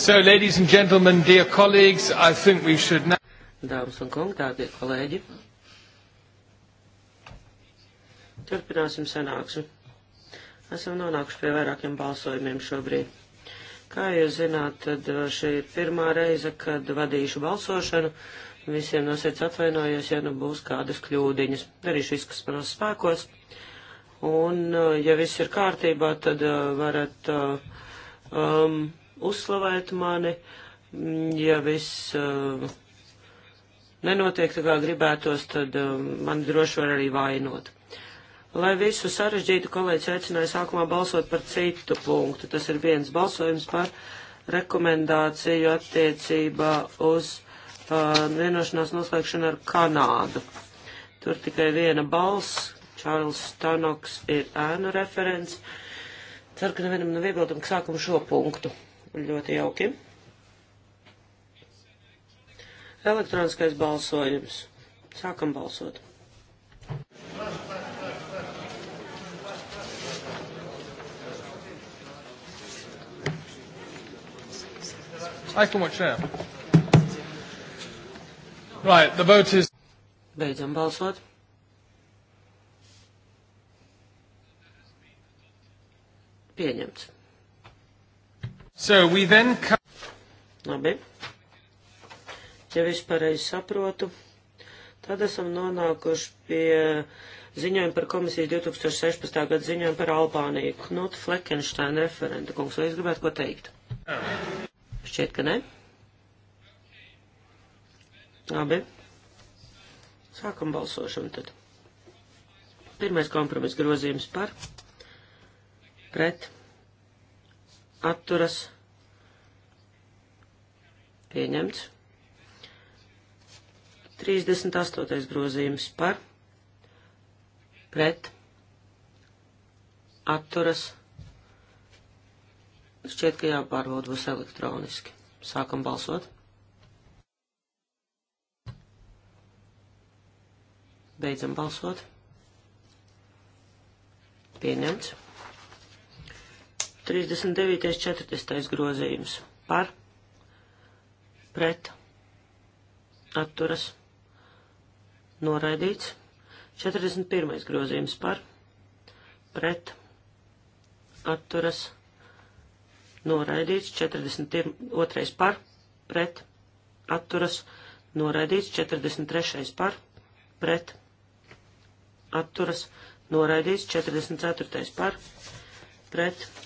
So, ladies and gentlemen, dear colleagues, I think we should now... Dāmas un kungi, dārgie kolēģi, turpināsim sanāksmi. Esam nonākuši pie vairākiem balsojumiem šobrīd. Kā jūs zināt, tad uh, šī ir pirmā reize, kad vadīšu balsošanu. Visiem no sirds atvainojos, ja nu būs kādas kļūdiņas. Darīšu visu, kas manos spēkos. Un, uh, ja viss ir kārtībā, tad uh, varat um, uzslavēt mani. Mm, ja viss uh, nenotiek tā kā gribētos, tad uh, mani droši var arī vainot. Lai visu sarežģītu, kolēģis aicināja sākumā balsot par citu punktu. Tas ir viens balsojums par rekomendāciju attiecībā uz uh, vienošanās noslēgšanu ar Kanādu. Tur tikai viena balss, Čārls Stanoks ir ēnu referents. Ceru, ka nevienam nav iebildumi, ka sākam šo punktu. Ļoti jauki. Elektroniskais balsojums. Sākam balsot. Aizkumot šajā. Right, the vote is... Beidzam balsot. Pieņemts. So we then come... Labi. Ja viss pareizi saprotu, tad esam nonākuši pie ziņojuma par komisijas 2016. gada ziņojumu par Albāniju. Knut Fleckensteina referenta. Kungs, vai jūs gribētu ko teikt? Šķiet, ka ne. Labi. Sākam balsošanu tad. Pirmais kompromiss grozījums par pret atturas pieņemts. 38. grozījums par pret atturas. Šķiet, ka jāpārbauda būs elektroniski. Sākam balsot. Beidzam balsot. Pieņemts. 39. 40. grozījums par, pret, atturas, noraidīts. 41. grozījums par, pret, atturas, noraidīts. 42. par, pret, atturas, noraidīts. 43. par, pret, atturas, noraidīts. 44. par, pret, atturas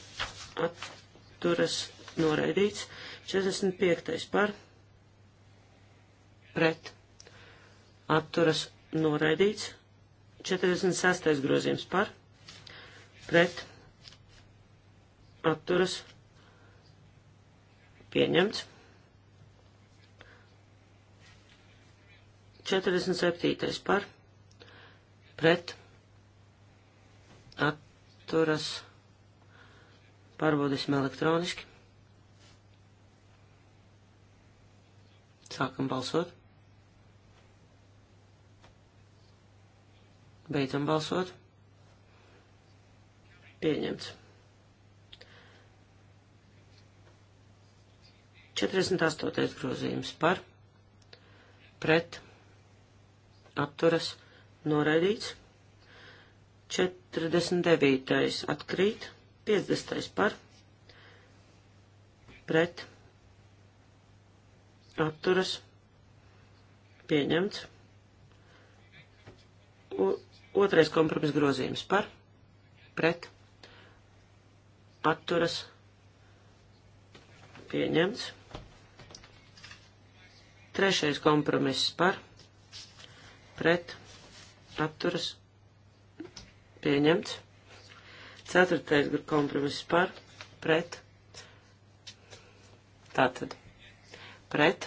atturas noraidīts. 45. par pret atturas noraidīts. 46. grozījums par pret atturas pieņemts. 47. par pret atturas noraidīts. Pārbaudīsim elektroniski. Sākam balsot. Beidzam balsot. Pieņemts. 48. grozījums par, pret, atturas, noraidīts. 49. atkrīt. 50. par pret atturas pieņemts. O, otrais kompromis grozījums par pret atturas pieņemts. Trešais kompromiss par pret atturas pieņemts. Ceturtais kompromiss par, pret, tātad, pret,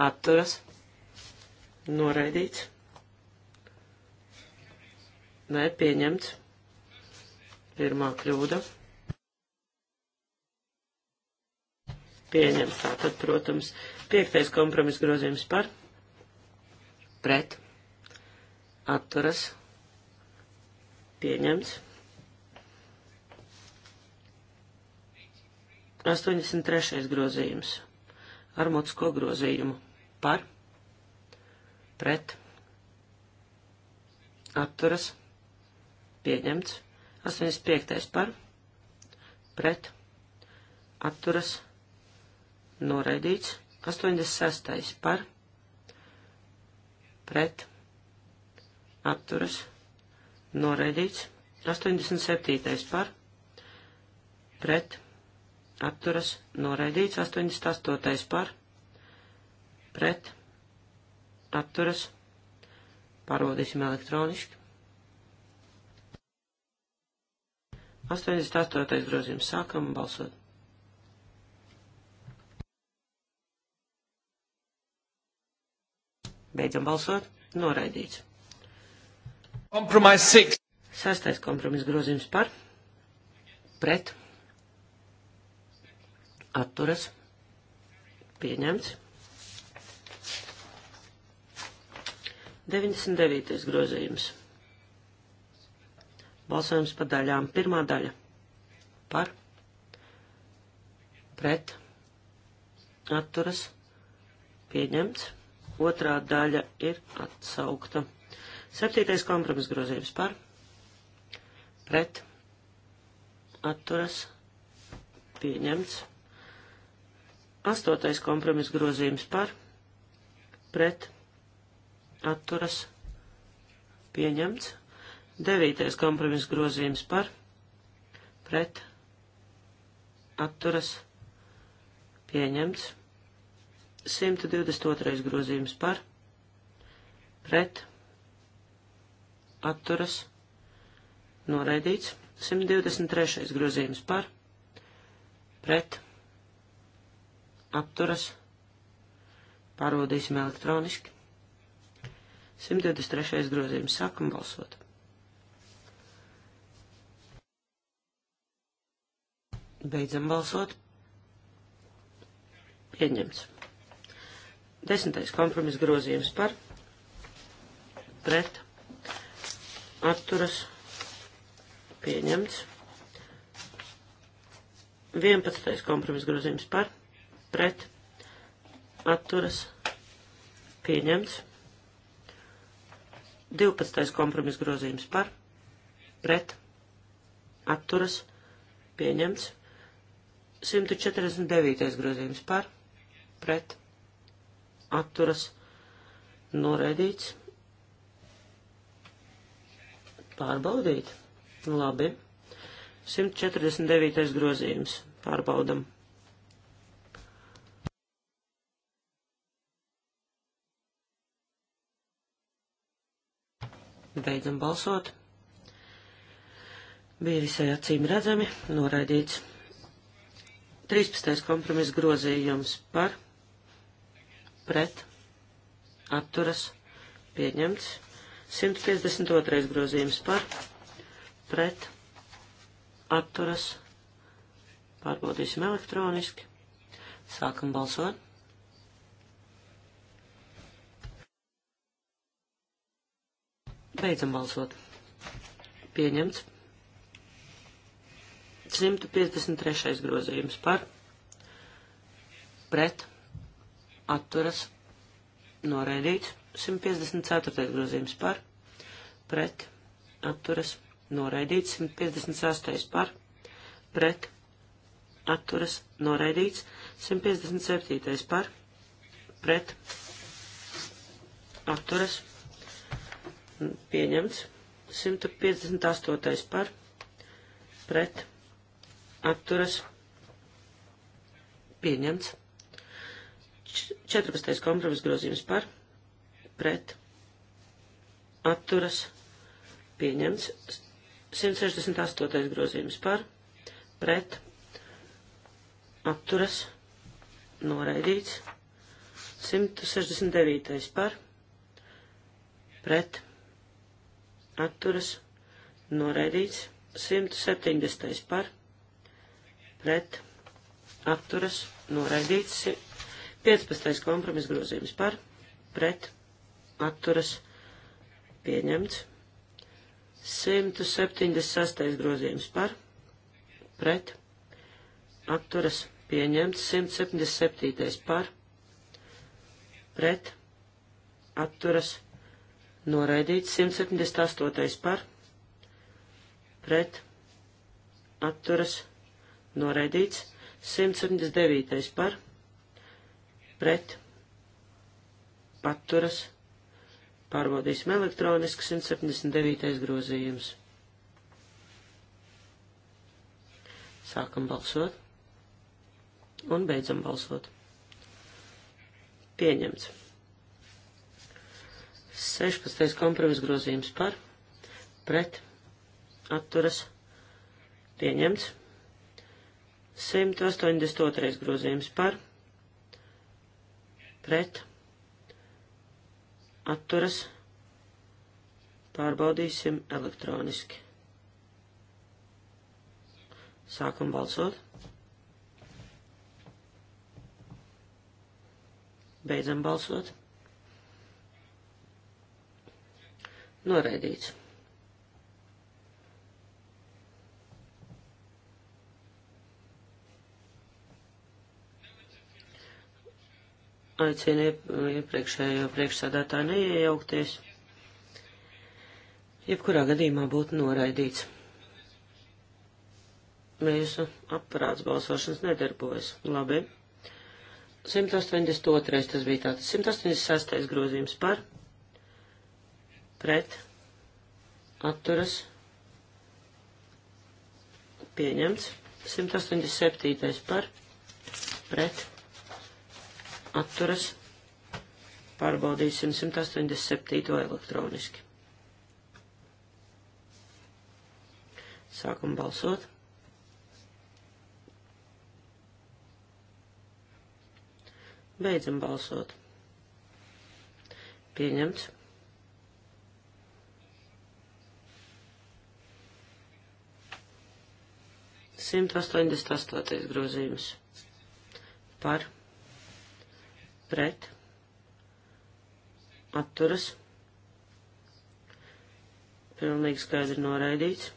atturas, noraidīts, nē, pieņemts, pirmā kļūda, pieņemts, tātad, protams, piektais kompromiss grozījums par, pret, atturas, pieņemts, 83. grozījums ar mutisko grozījumu par, pret, atturas, pieņemts, 85. par, pret, atturas, noraidīts, 86. par, pret, atturas, noraidīts, 87. par, pret, atturas noraidīts 88. par pret atturas parodīsim elektroniski. 88. grozījums sākam balsot. Beidzam balsot. Noraidīts. Kompromiss 6. Sastais kompromiss grozījums par pret atturas pieņemts. 99. grozījums. Balsojums par daļām. Pirmā daļa par, pret, atturas, pieņemts. Otrā daļa ir atsaukta. Septītais kompromis grozījums par, pret, atturas, pieņemts. Astotais kompromis grozījums par, pret, atturas, pieņemts. Devītais kompromis grozījums par, pret, atturas, pieņemts. 122. grozījums par, pret, atturas, noraidīts. 123. grozījums par, pret, apturas, pārbaudīsim elektroniski. 123. grozījums sākam balsot. Beidzam balsot. Pieņemts. Desmitais kompromiss grozījums par pret atturas pieņemts. 11. kompromiss grozījums par pret pret atturas pieņemts. 12. kompromis grozījums par pret atturas pieņemts. 149. grozījums par pret atturas noraidīts. Pārbaudīt. Labi. 149. grozījums. Pārbaudam. beidzam balsot. Bija visai acīm redzami, noraidīts. 13. kompromis grozījums par, pret, atturas, pieņemts. 152. grozījums par, pret, atturas, pārbaudīsim elektroniski. Sākam balsot. Beidzam balsot. Pieņemts. 153. grozījums par pret atturas noraidīts. 154. grozījums par pret atturas noraidīts. 158. par pret atturas noraidīts. 157. par pret atturas noraidīts pieņemts. 158. par pret atturas pieņemts. 14. kompromis grozījums par pret atturas pieņemts. 168. grozījums par pret atturas noraidīts. 169. par pret atturas atturas noraidīts. 170. par pret atturas noraidīts. 15. kompromis grozījums par pret atturas pieņemts. 176. grozījums par pret atturas pieņemts. 177. par pret atturas pieņemts noraidīts 178. par, pret, atturas, noraidīts 179. par, pret, atturas, pārbaudīsim elektroniski 179. grozījums. Sākam balsot un beidzam balsot. Pieņemts. 16. kompromis grozījums par, pret, atturas, pieņemts. 182. grozījums par, pret, atturas, pārbaudīsim elektroniski. Sākam balsot. Beidzam balsot. Noraidīts. Aicinu iepriekšējo priekšsādātāju neiejaukties. Jebkurā gadījumā būtu noraidīts. Mēsu aparāts balsošanas nedarbojas. Labi. 182. tas bija tāds. 186. grozījums par pret atturas pieņemts. 187. par pret atturas pārbaudīsim 187. elektroniski. Sākam balsot. Beidzam balsot. Pieņemts. 188. grozījums par pret atturas pilnīgi skaidri noraidīts.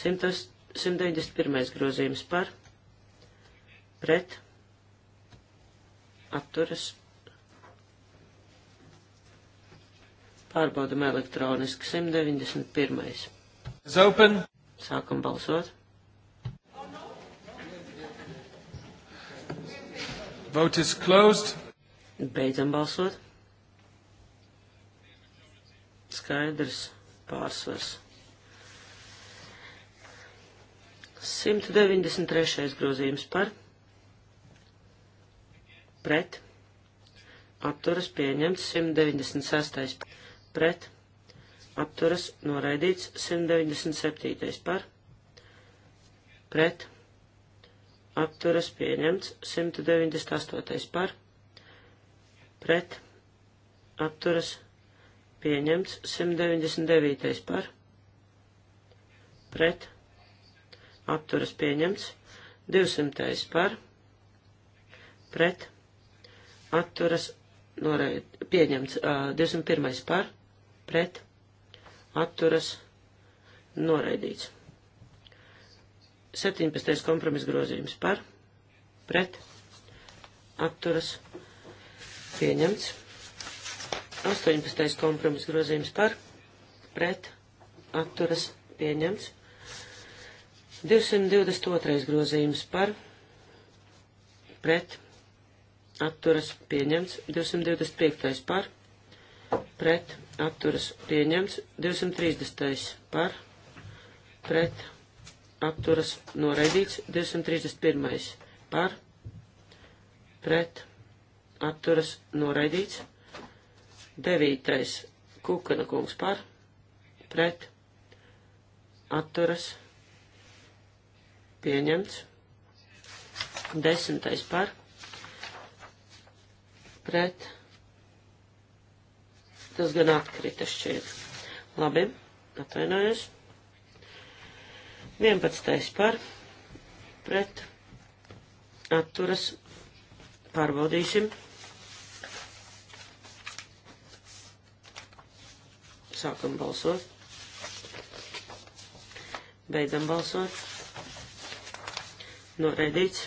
191. grozījums par pret atturas pārbaudam elektroniski 191. Is open. Sākam balsot. Vote is closed. Beidzam balsot. Skaidrs pārsvars. 193. grozījums par pret atturas pieņemts 196. pret atturas noraidīts 197. par pret atturas pieņemts 198. par pret atturas pieņemts 199. par pret atturas pieņemts 200. par pret atturas noraid, pieņemts uh, 201. par pret atturas noraidīts. 17. kompromis grozījums par, pret, atturas pieņemts. 18. kompromis grozījums par, pret, atturas pieņemts. 222. grozījums par, pret, atturas pieņemts. 225. par, pret atturas pieņemts. 230. par pret atturas noraidīts. 231. par pret atturas noraidīts. 9. Kukana kungs par pret atturas pieņemts. 10. par pret atturas Tas gan atkrita šķiet. Labi, atvainojos. 11. par pret atturas pārbaudīsim. Sākam balsot. Beidzam balsot. Noraidīts.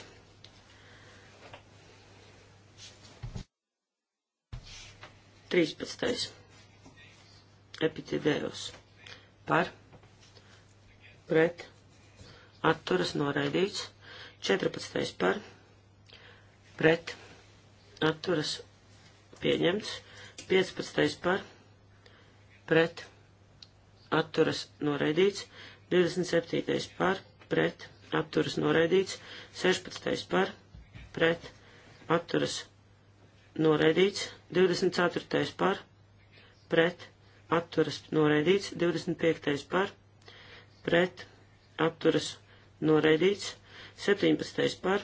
Trīspadsmitais epitidējos par pret atturas noraidīts, 14. par pret atturas pieņemts, 15. par pret atturas noraidīts, 27. par pret atturas noraidīts, 16. par pret atturas noraidīts, 24. par pret atturas noraidīts, 25. par, pret, atturas noraidīts, 17. par,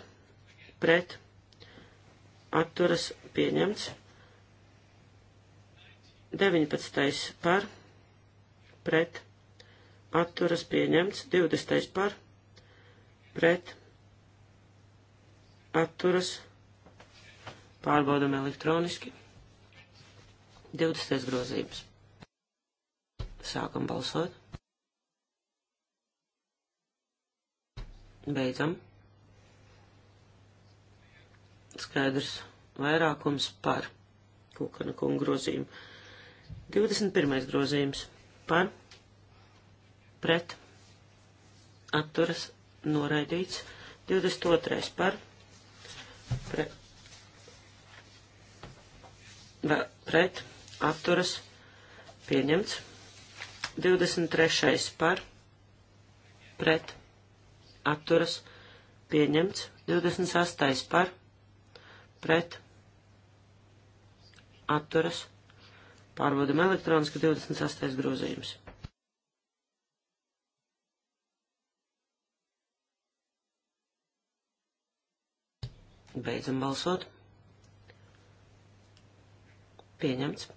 pret, atturas pieņemts, 19. par, pret, atturas pieņemts, 20. par, pret, atturas, pārbaudam elektroniski, 20. grozības. Sākam balsot. Beidzam. Skaidrs vairākums par Kukana kungu grozījumu. 21. grozījums par pret atturas noraidīts. 22. par pret, pret atturas pieņemts. 23. par pret atturas pieņemts. 28. par pret atturas pārbaudam elektroniski 28. grozījums. Beidzam balsot. Pieņemts.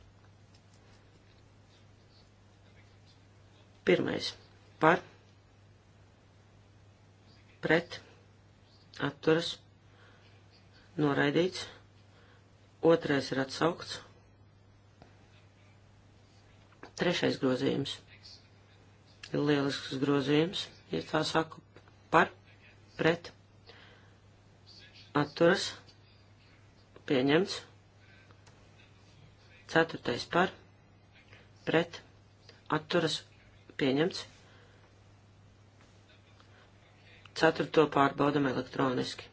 Pirmais par pret atturas noraidīts. Otrais ir atsaukts. Trešais grozījums ir lielisks grozījums, ja tā saku par pret atturas pieņemts. Ceturtais par pret atturas Pieņemts. Ceturto pārbaudam elektroniski.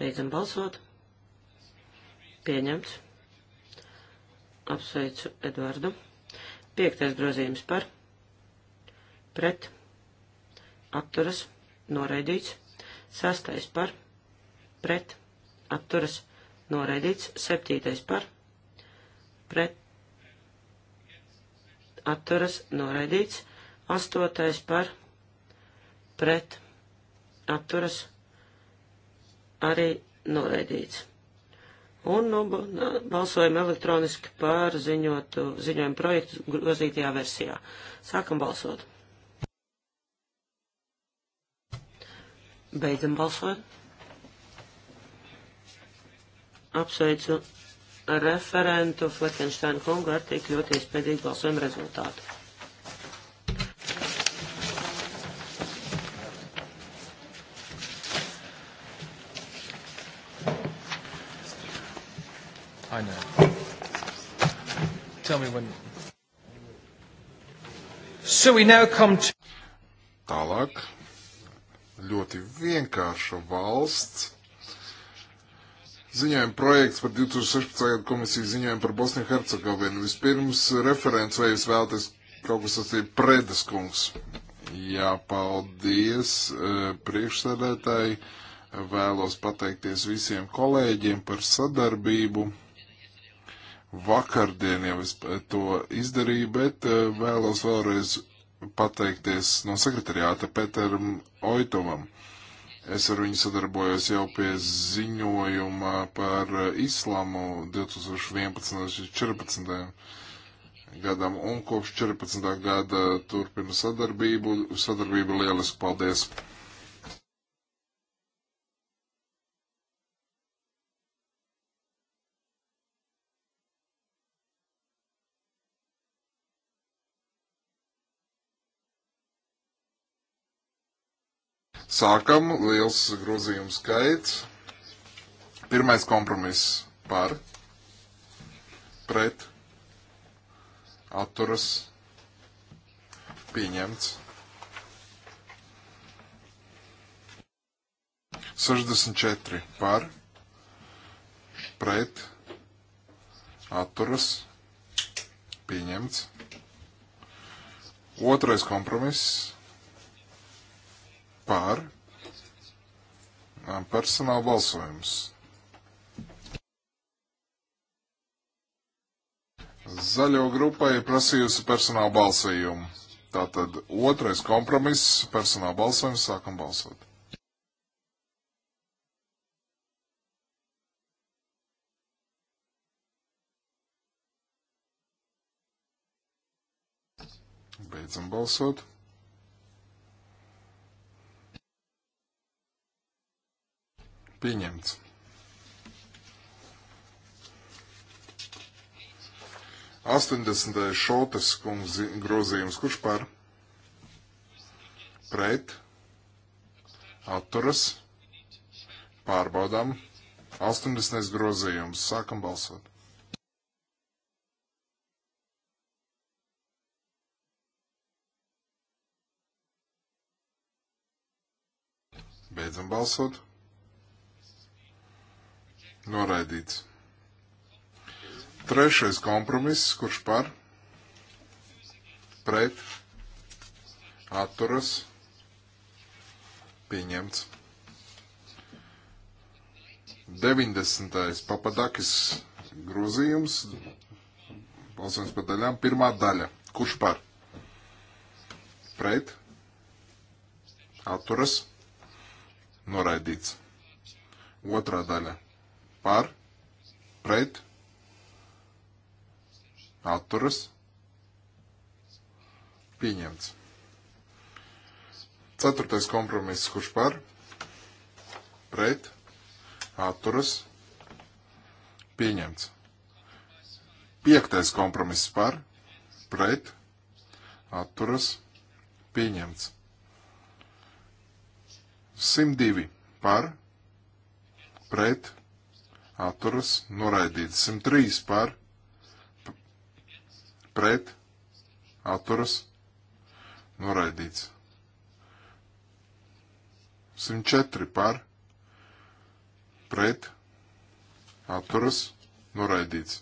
Beidzam balsot. Pieņemts. Apsveicu Edvardu. Piektais grozījums par. Pret. Atturas. Noraidīts. Sastais par. Pret atturas noraidīts, septītais par, pret, atturas noraidīts, astotais par, pret, atturas arī noraidīts. Un nu, balsojam elektroniski par ziņotu, ziņojumu projektu grozītajā versijā. Sākam balsot. Beidzam balsot. Apsveicu referentu Fleckensteinu kungu ar tik ļoti iespēdīgu balsojumu rezultātu. I know. Tell me when. So we now come to. Tālāk. Ļoti vienkārša valsts Ziņojuma projekts par 2016. gadu komisijas ziņojumu par Bosniju Hercegovinu. Vispirms referents, vai jūs vēlaties kaut kas sacīt Predes kungs? Jā, paldies e, priekšsēdētāji. Vēlos pateikties visiem kolēģiem par sadarbību. Vakardien jau es to izdarīju, bet e, vēlos vēlreiz pateikties no sekretariāta Peteram Oitovam. Uh, Es ar viņu sadarbojos jau pie ziņojuma par islamu 2011. līdz 2014. gadam, un kopš 14. gada turpina sadarbību. Sadarbība lieliski, paldies! Sākam, liels grozījums skaits. Pirmais kompromiss par, pret, atturas, pieņemts. 64 par, pret, atturas, pieņemts. Otrais kompromiss Pār. Personāla balsojums. Zaļo grupa ir prasījusi personāla balsījumu. Tātad otrais kompromiss - personāla balsojums. Sākam balsot. Beidzam balsot. pieņemts. Astoņdesmitais šotes kungs grozījums, kurš par pret atturas pārbaudām. 80. grozījums. Sākam balsot. Beidzam balsot. Noraidīts. Trešais kompromiss, kurš par, pret, atturas, pieņemts. 90. papadakis grozījums, balsojums par daļām, pirmā daļa, kurš par, pret, atturas, noraidīts. Otrā daļa par, pret, atturas, pieņemts. Ceturtais kompromiss, kurš par, pret, atturas, pieņemts. Piektais kompromiss par, pret, atturas, pieņemts. 102 par, pret, atturas atturas noraidīts. 103 par pret atturas noraidīts. 104 par pret atturas noraidīts.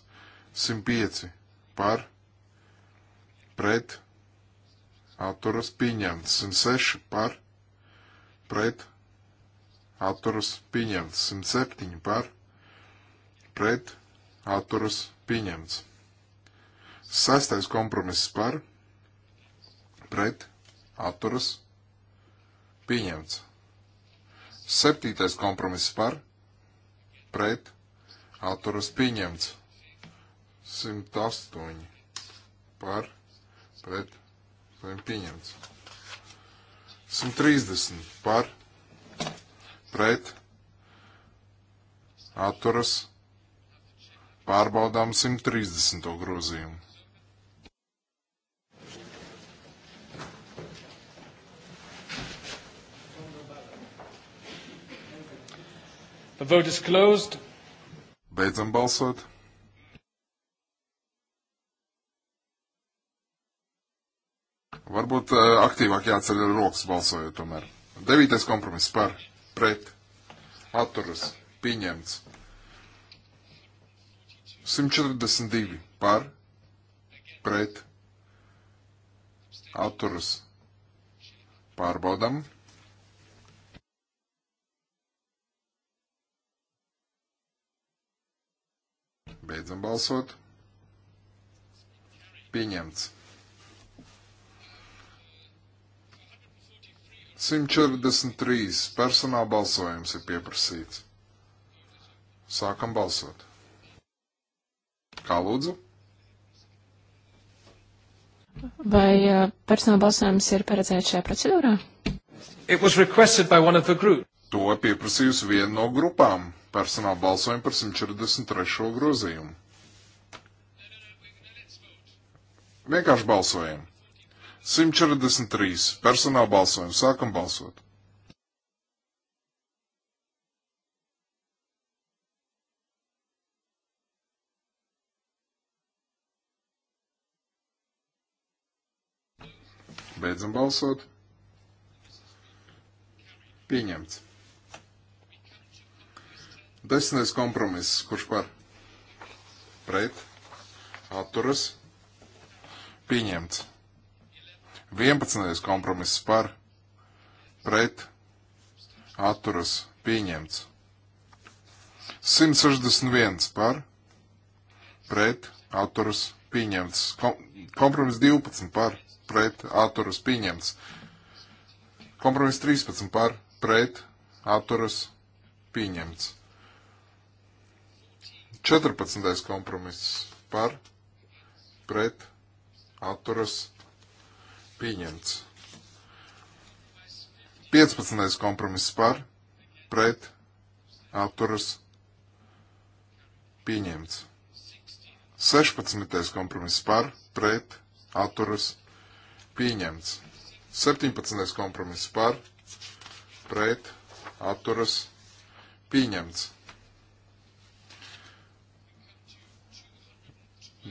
105 par pret atturas pieņemts. 106 par pret atturas pieņemts. 107 par pret pret atturas pieņemts. Sastais kompromiss par pret atturas pieņemts. Septītais kompromiss par pret atturas pieņemts. 108 par pret pieņemts. 130 par pret atturas pieņemts atturas Pārbaudām 130. grozījumu. The vote is closed. Beidzam balsot. Varbūt uh, aktīvāk jāceļ rokas balsojot tomēr. Devītais kompromiss par, pret, atturas, pieņemts. 142 par, pret, atturas. Pārbaudam. Beidzam balsot. Pieņemts. 143 personāla balsojums ir pieprasīts. Sākam balsot. Kā lūdzu? Vai uh, personāla balsojums ir paredzēts šajā procedūrā? To pieprasījusi viena no grupām - personāla balsojumu par 143. grozījumu. Vienkārši balsojam. 143. Personāla balsojums. Sākam balsot. Beidzam balsot. Pieņemts. Desmitais kompromiss, kurš par pret atturas pieņemts. 11. kompromiss par pret atturas pieņemts. 161 par pret atturas pieņemts. Kom kompromiss 12 par pret atturas pieņemts. Kompromiss 13 par pret atturas pieņemts. 14. kompromiss par pret atturas pieņemts. 15. kompromiss par pret atturas pieņemts. 16. kompromiss par pret atturas pieņemts pieņemts. 17. kompromiss par, pret, atturas, pieņemts.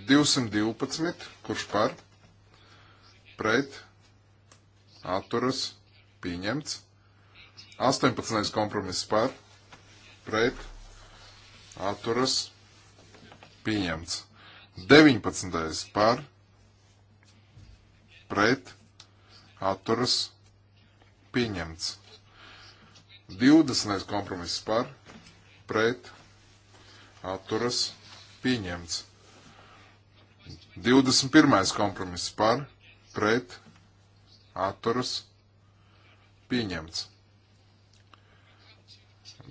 212, kurš par, pret, atturas, pieņemts. 18. kompromiss par, pret, atturas, pieņemts. 19. par, pret atturas pieņemts. 20. kompromiss par pret atturas pieņemts. 21. kompromiss par pret atturas pieņemts.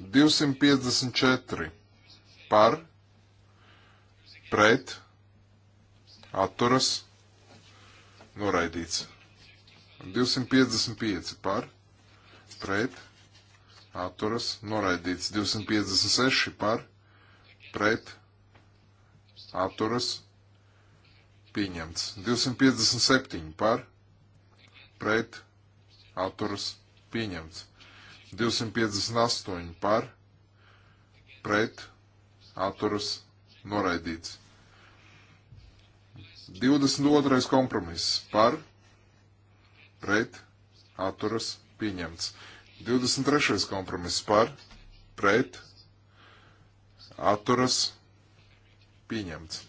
254 par pret atturas pieņemts noraidīts. 255 par, pret, atturas, noraidīts. 256 par, pret, atturas, pieņemts. 257 par, pret, atturas, pieņemts. 258 par, pret, atturas, noraidīts. 22. kompromiss par, pret, atturas, pieņemts. 23. kompromiss par, pret, atturas, pieņemts.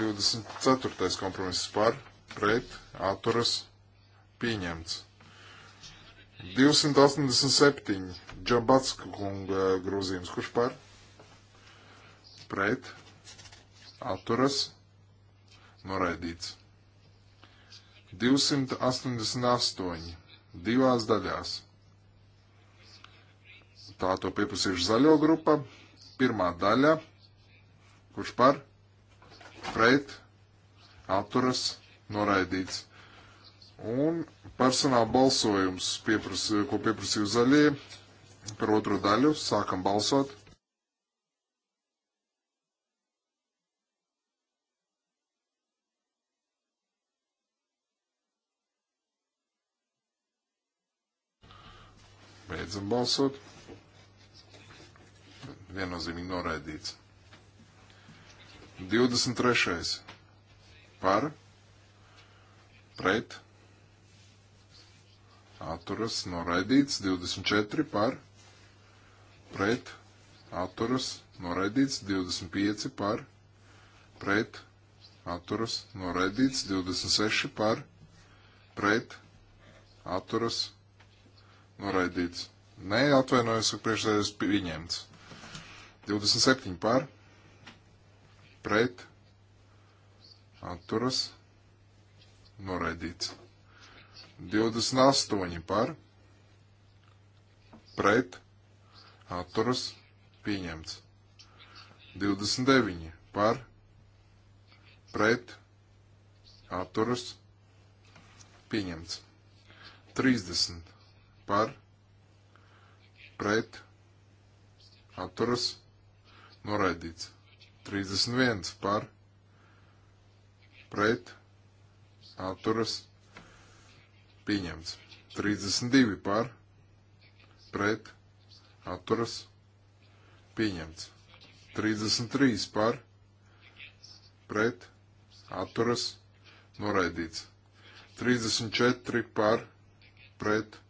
24. kompromiss par, pret, atturas, pieņemts. 287. Džambatska kunga grozījums. Kurš par? Pret. Atturas noraidīts. 288 divās daļās. Tā to pieprasījuši zaļo grupa. Pirmā daļa, kurš par, pret, atturas, noraidīts. Un personāla balsojums, piepras, ko pieprasīju zaļie, par otro daļu, sākam balsot. Beidzam balsot. Viennozīmīgi noraidīts. 23. par, pret, atturas, noraidīts. 24. par, pret, atturas, noraidīts. 25. par, pret, atturas, noraidīts. 26. par, pret, atturas, noraidīts Noraidīts. Nē, atvainojos, ka priekšsēdētājs pieņemts. 27 par, pret, atturas, noraidīts. 28 par, pret, atturas, pieņemts. 29 par, pret, atturas, pieņemts. 30 par pret atturas noraidīts. 31 par pret atturas pieņemts. 32 par pret atturas pieņemts. 33 par pret atturas noraidīts. 34 par pret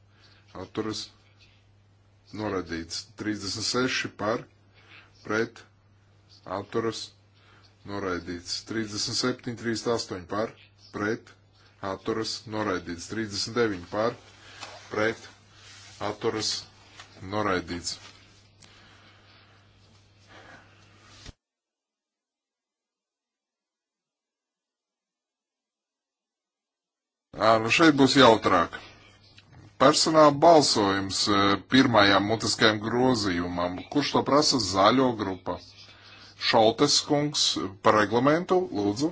atturas noraidīts. 36 par pret atturas noraidīts. 37, 38 par pret atturas noraidīts. 39 par pret atturas noraidīts. Ā, nu šeit būs jautrāk. Personāla balsojums e, pirmajam mutiskajam grozījumam. Kurš to prasa? Zaļo grupa. Šaltes kungs par reglamentu, lūdzu.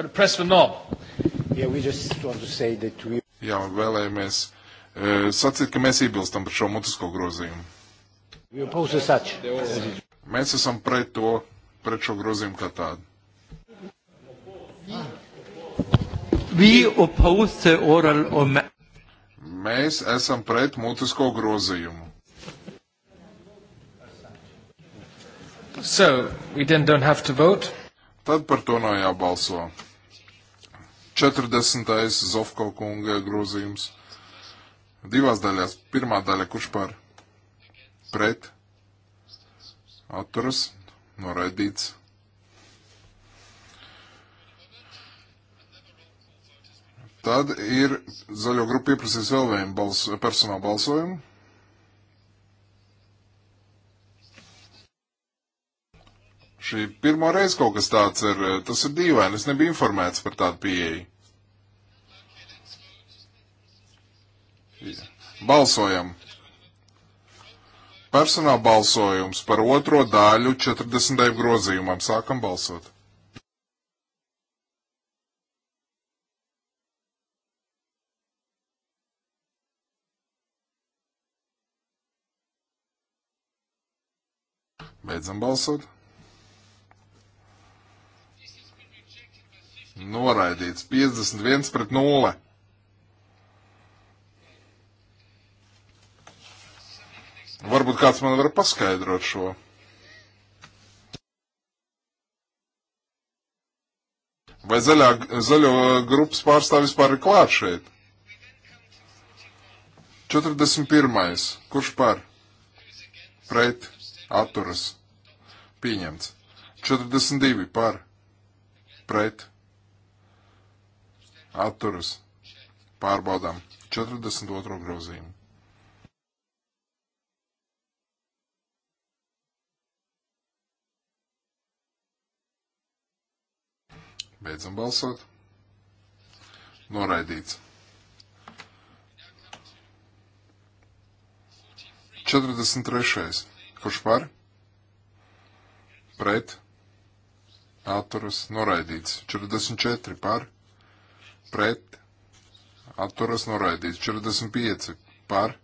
Yeah, we... Jā, vēlējamies e, sacīt, ka mēs iebilstam par šo mutisko grozījumu. Mēs esam pret to, pret šo grozījumu kā tādu. We oppose the oral amendment. Mēs esam pret mutisko grozījumu. So, we then don't have to vote. Tad par to nav jābalso. 40. Zofko kunga grozījums. Divās daļās. Pirmā daļa, kurš par pret atturas, noraidīts. Tad ir zaļo grupu pieprasījis vēl vienu bals, personālu balsojumu. Šī pirmā reize kaut kas tāds ir, tas ir dīvaini, es nebiju informēts par tādu pieeju. Balsojam. Personāla balsojums par otro daļu 40. grozījumam. Sākam balsot. Beidzam balsot. Noraidīts 51 pret 0. Varbūt kāds man var paskaidrot šo. Vai zaļā, zaļo grupas pārstāvis vispār ir klāt šeit? 41. Kurš par? Pret. Atturas pieņemts. 42 par, pret, atturas, pārbaudām 42 grozījumu. Beidzam balsot. Noraidīts. 43. Kurš par? pret, atturas noraidīts. 44 par, pret, atturas noraidīts. 45 par,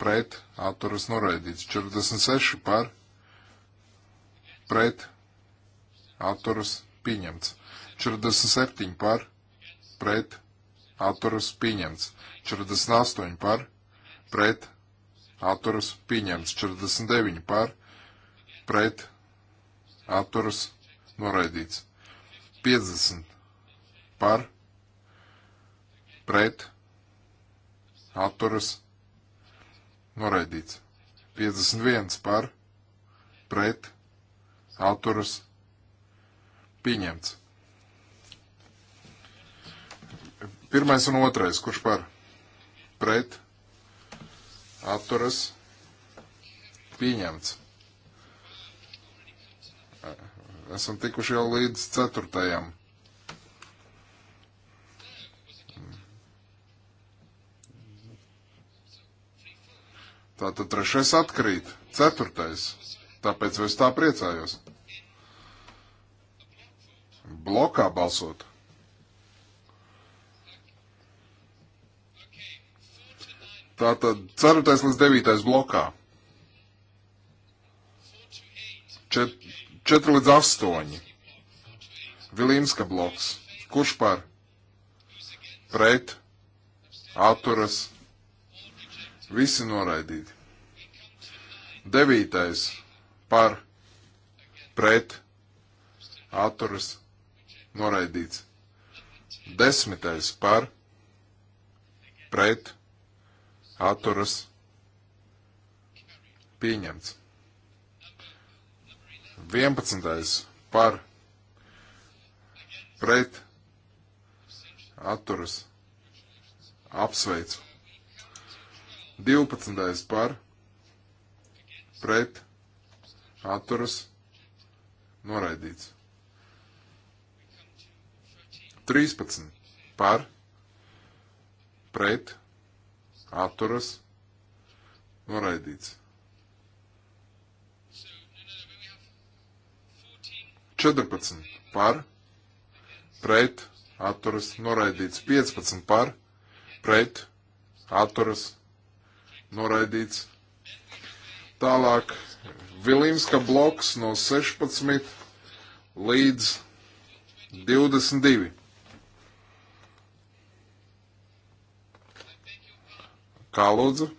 pret, atturas noraidīts. 46 par, pret, atturas pieņemts. 47 par, pret, atturas pieņemts. 48 par, pret, atturas pieņemts. 49 par, pret, atturas pieņemts pret atturas noraidīts. 50 par pret atturas noraidīts. 51 par pret atturas pieņemts. Pirmais un otrais, kurš par pret atturas pieņemts. Esam tikuši jau līdz ceturtajam. Tātad trešais atkrīt, ceturtais. Tāpēc es tā priecājos. Blokā balsot. Tātad ceturtais līdz devītais blokā. Čet, 4 līdz 8. Vilīmska bloks. Kurš par? Pret. Atturas. Visi noraidīti. 9. Par. Pret. Atturas. Noraidīts. 10. Par. Pret. Atturas. Pieņemts. 11. par pret atturas apsveicu. 12. par pret atturas noraidīts. 13. par pret atturas noraidīts. 14 par, pret, atturas, noraidīts. 15 par, pret, atturas, noraidīts. Tālāk Vilimska bloks no 16 līdz 22. Kā lūdzu?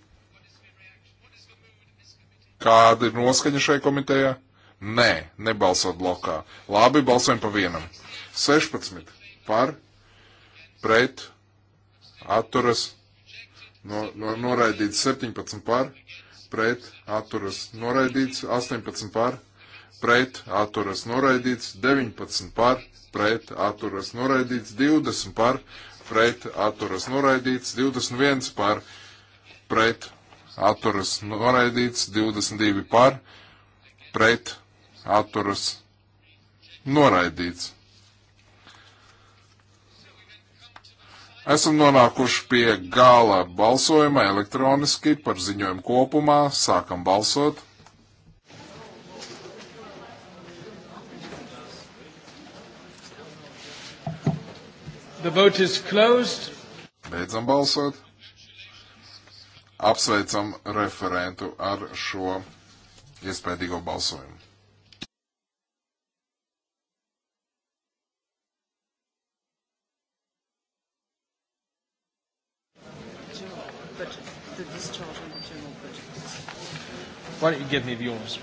Kāda ir noskaņa šai komitejai? Nē, nebalsot blokā. Labi, balsojam pa vienam. 16 par, pret, atturas, no, no, noraidīts 17 par, pret, atturas, noraidīts 18 par, pret, atturas, noraidīts 19 par, pret, atturas, noraidīts 20 par, pret, atturas, noraidīts 21 par, pret, atturas, noraidīts 22 par, pret, atturas noraidīts. Esam nonākuši pie gala balsojuma elektroniski par ziņojumu kopumā. Sākam balsot. The vote is closed. Beidzam balsot. Apsveicam referentu ar šo iespējīgo balsojumu. Why don't you give me yours?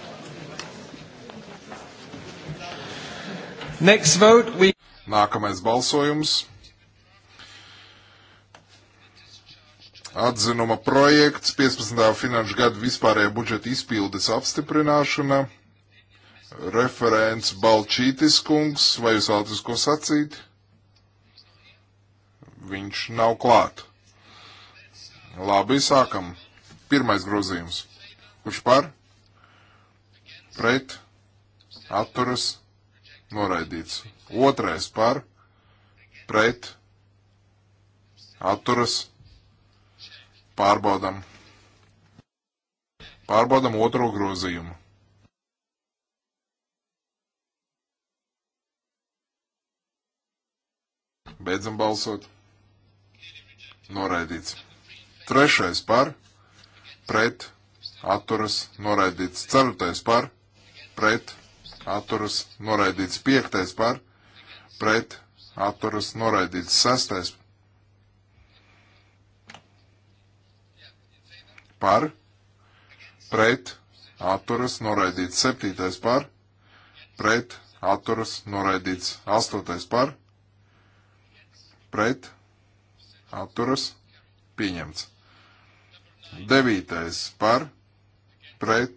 Next vote, we... Nākamais balsojums. Atzinuma projekts 15. finanšu gadu vispārējā budžeta izpildes apstiprināšana. Referents Balčītis kungs, vai jūs vēlaties ko sacīt? Viņš nav klāt. Labi, sākam. Pirmais grozījums. Kurš par? Pret. Atturas. Noraidīts. Otrais par. Pret. Atturas. Pārbaudam. Pārbaudam otro grozījumu. Beidzam balsot. Noraidīts. Trešais par, pret, atturas noraidīts. Ceturtais par, pret, atturas noraidīts. Piektais par, pret, atturas noraidīts. Sestais par, pret, atturas noraidīts. Septītais par, pret, atturas noraidīts. Astotais par, pret, atturas pieņemts. Devītais par, pret, pret,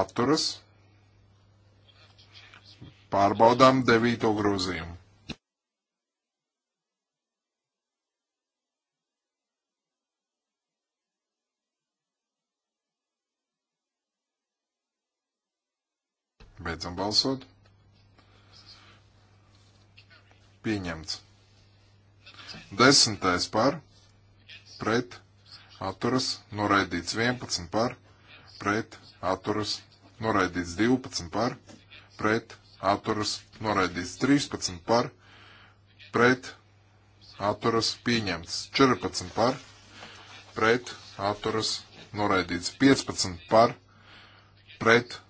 atturas, pārbaudām devīto grozījumu. Beidzam balsot. Pieņemts. Desmitais par pret, atturas, noraidīts 11 par, pret, atturas, noraidīts 12 par, pret, atturas, noraidīts 13 par, pret, atturas, pieņemts 14 par, pret, atturas, noraidīts 15 par, pret,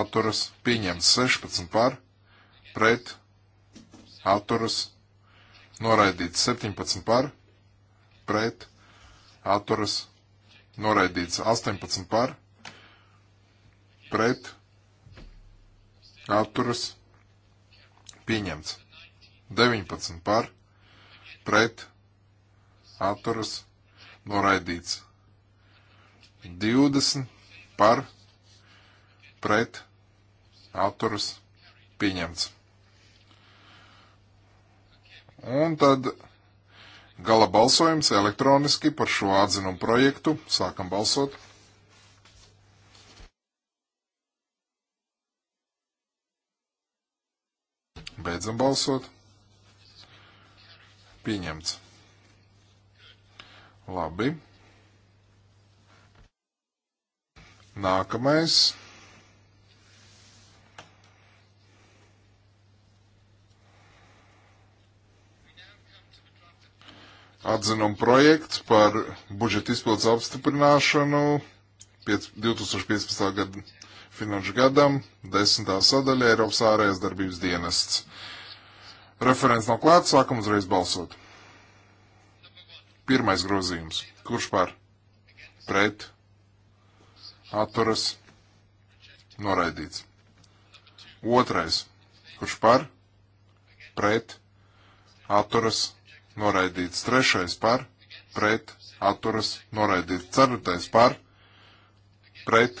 atturas, pieņemts 16 par, pret, atturas, noraidīts 17 par, pret, atturas noraidīts 18 par, pret atturas pieņemts 19 par, pret atturas noraidīts 20 par, pret atturas pieņemts. Un tad Gala balsojums elektroniski par šo atzinumu projektu. Sākam balsot. Beidzam balsot. Pieņemts. Labi. Nākamais atzinumu projekts par budžeta izpildes apstiprināšanu 2015. gada finanšu gadam, 10. sadaļa Eiropas ārējās darbības dienests. Referents nav klāts, sākam uzreiz balsot. Pirmais grozījums. Kurš par? Pret. Atturas. Noraidīts. Otrais. Kurš par? Pret. Atturas. Noraidīts noraidīts. Trešais par, pret, atturas, noraidīts. Ceturtais par, pret,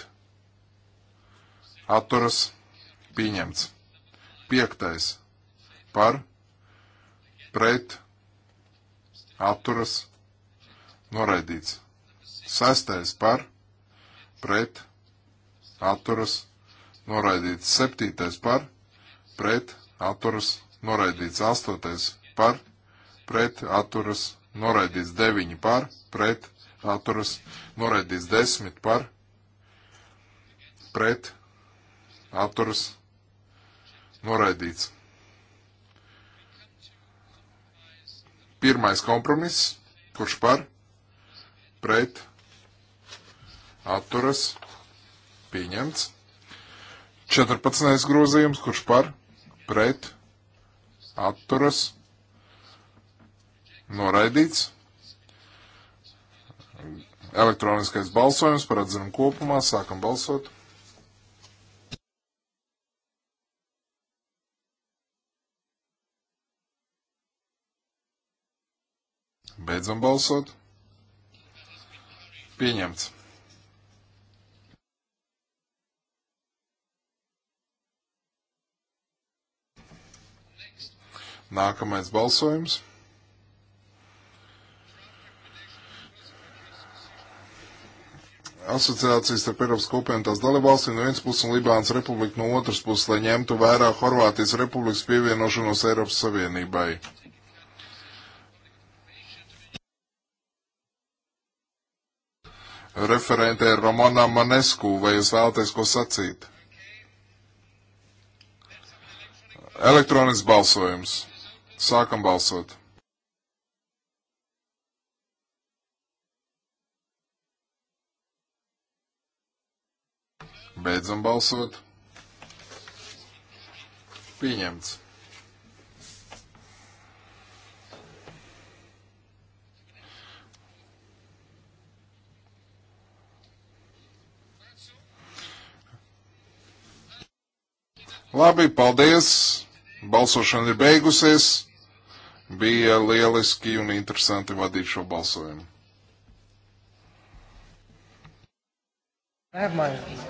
atturas, pieņemts. Piektais par, pret, atturas, noraidīts. Sestais par, pret, atturas, noraidīts. Septītais par, pret, atturas, noraidīts. Astotais par, pret atturas noraidīts 9 par, pret atturas noraidīts 10 par, pret atturas noraidīts. Pirmais kompromiss, kurš par, pret atturas pieņemts. 14. grozījums, kurš par, pret atturas pieņemts Noraidīts. Elektroniskais balsojums par atzinumu kopumā. Sākam balsot. Beidzam balsot. Pieņemts. Nākamais balsojums. asociācijas ar Eiropas kopienu tās dalībvalstīm no vienas puses un Libānas republiku no otras puses, lai ņemtu vērā Horvātijas republikas pievienošanos Eiropas Savienībai. Referente Ramona Manesku, vai jūs vēlaties ko sacīt? Elektronisks balsojums. Sākam balsot. Beidzam balsot. Pieņemts. Labi, paldies! Balsošana ir beigusies. Bija lieliski un interesanti vadīt šo balsojumu. I have mine.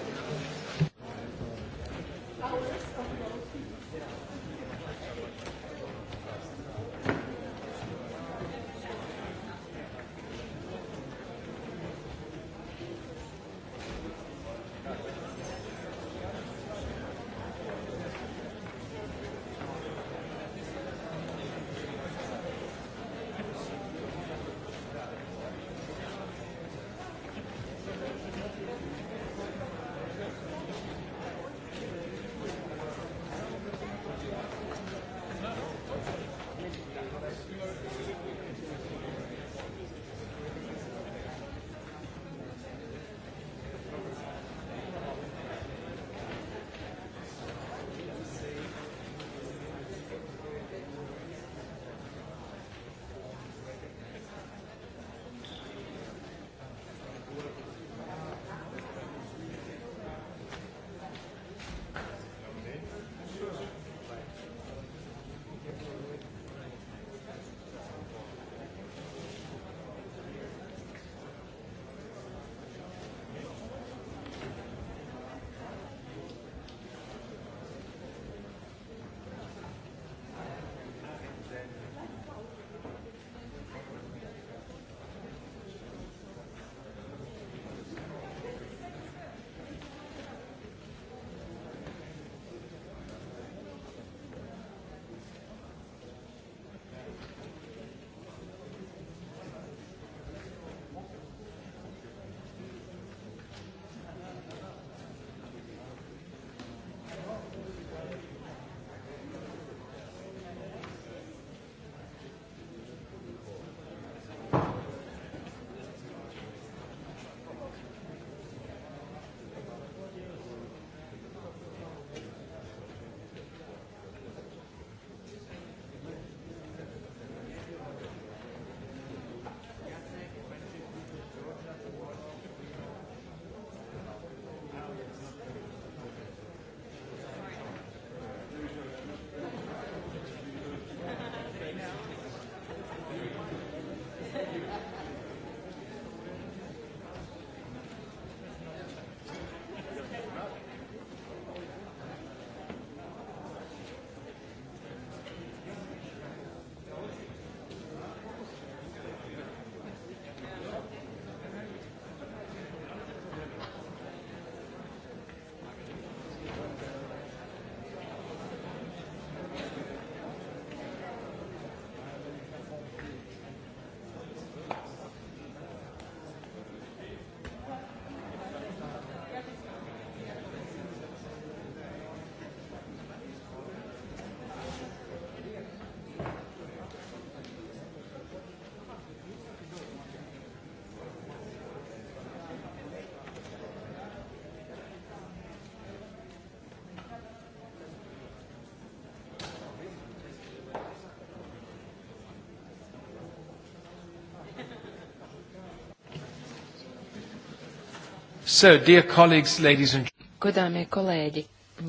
So, dear colleagues, ladies and Godāmie kolēģi,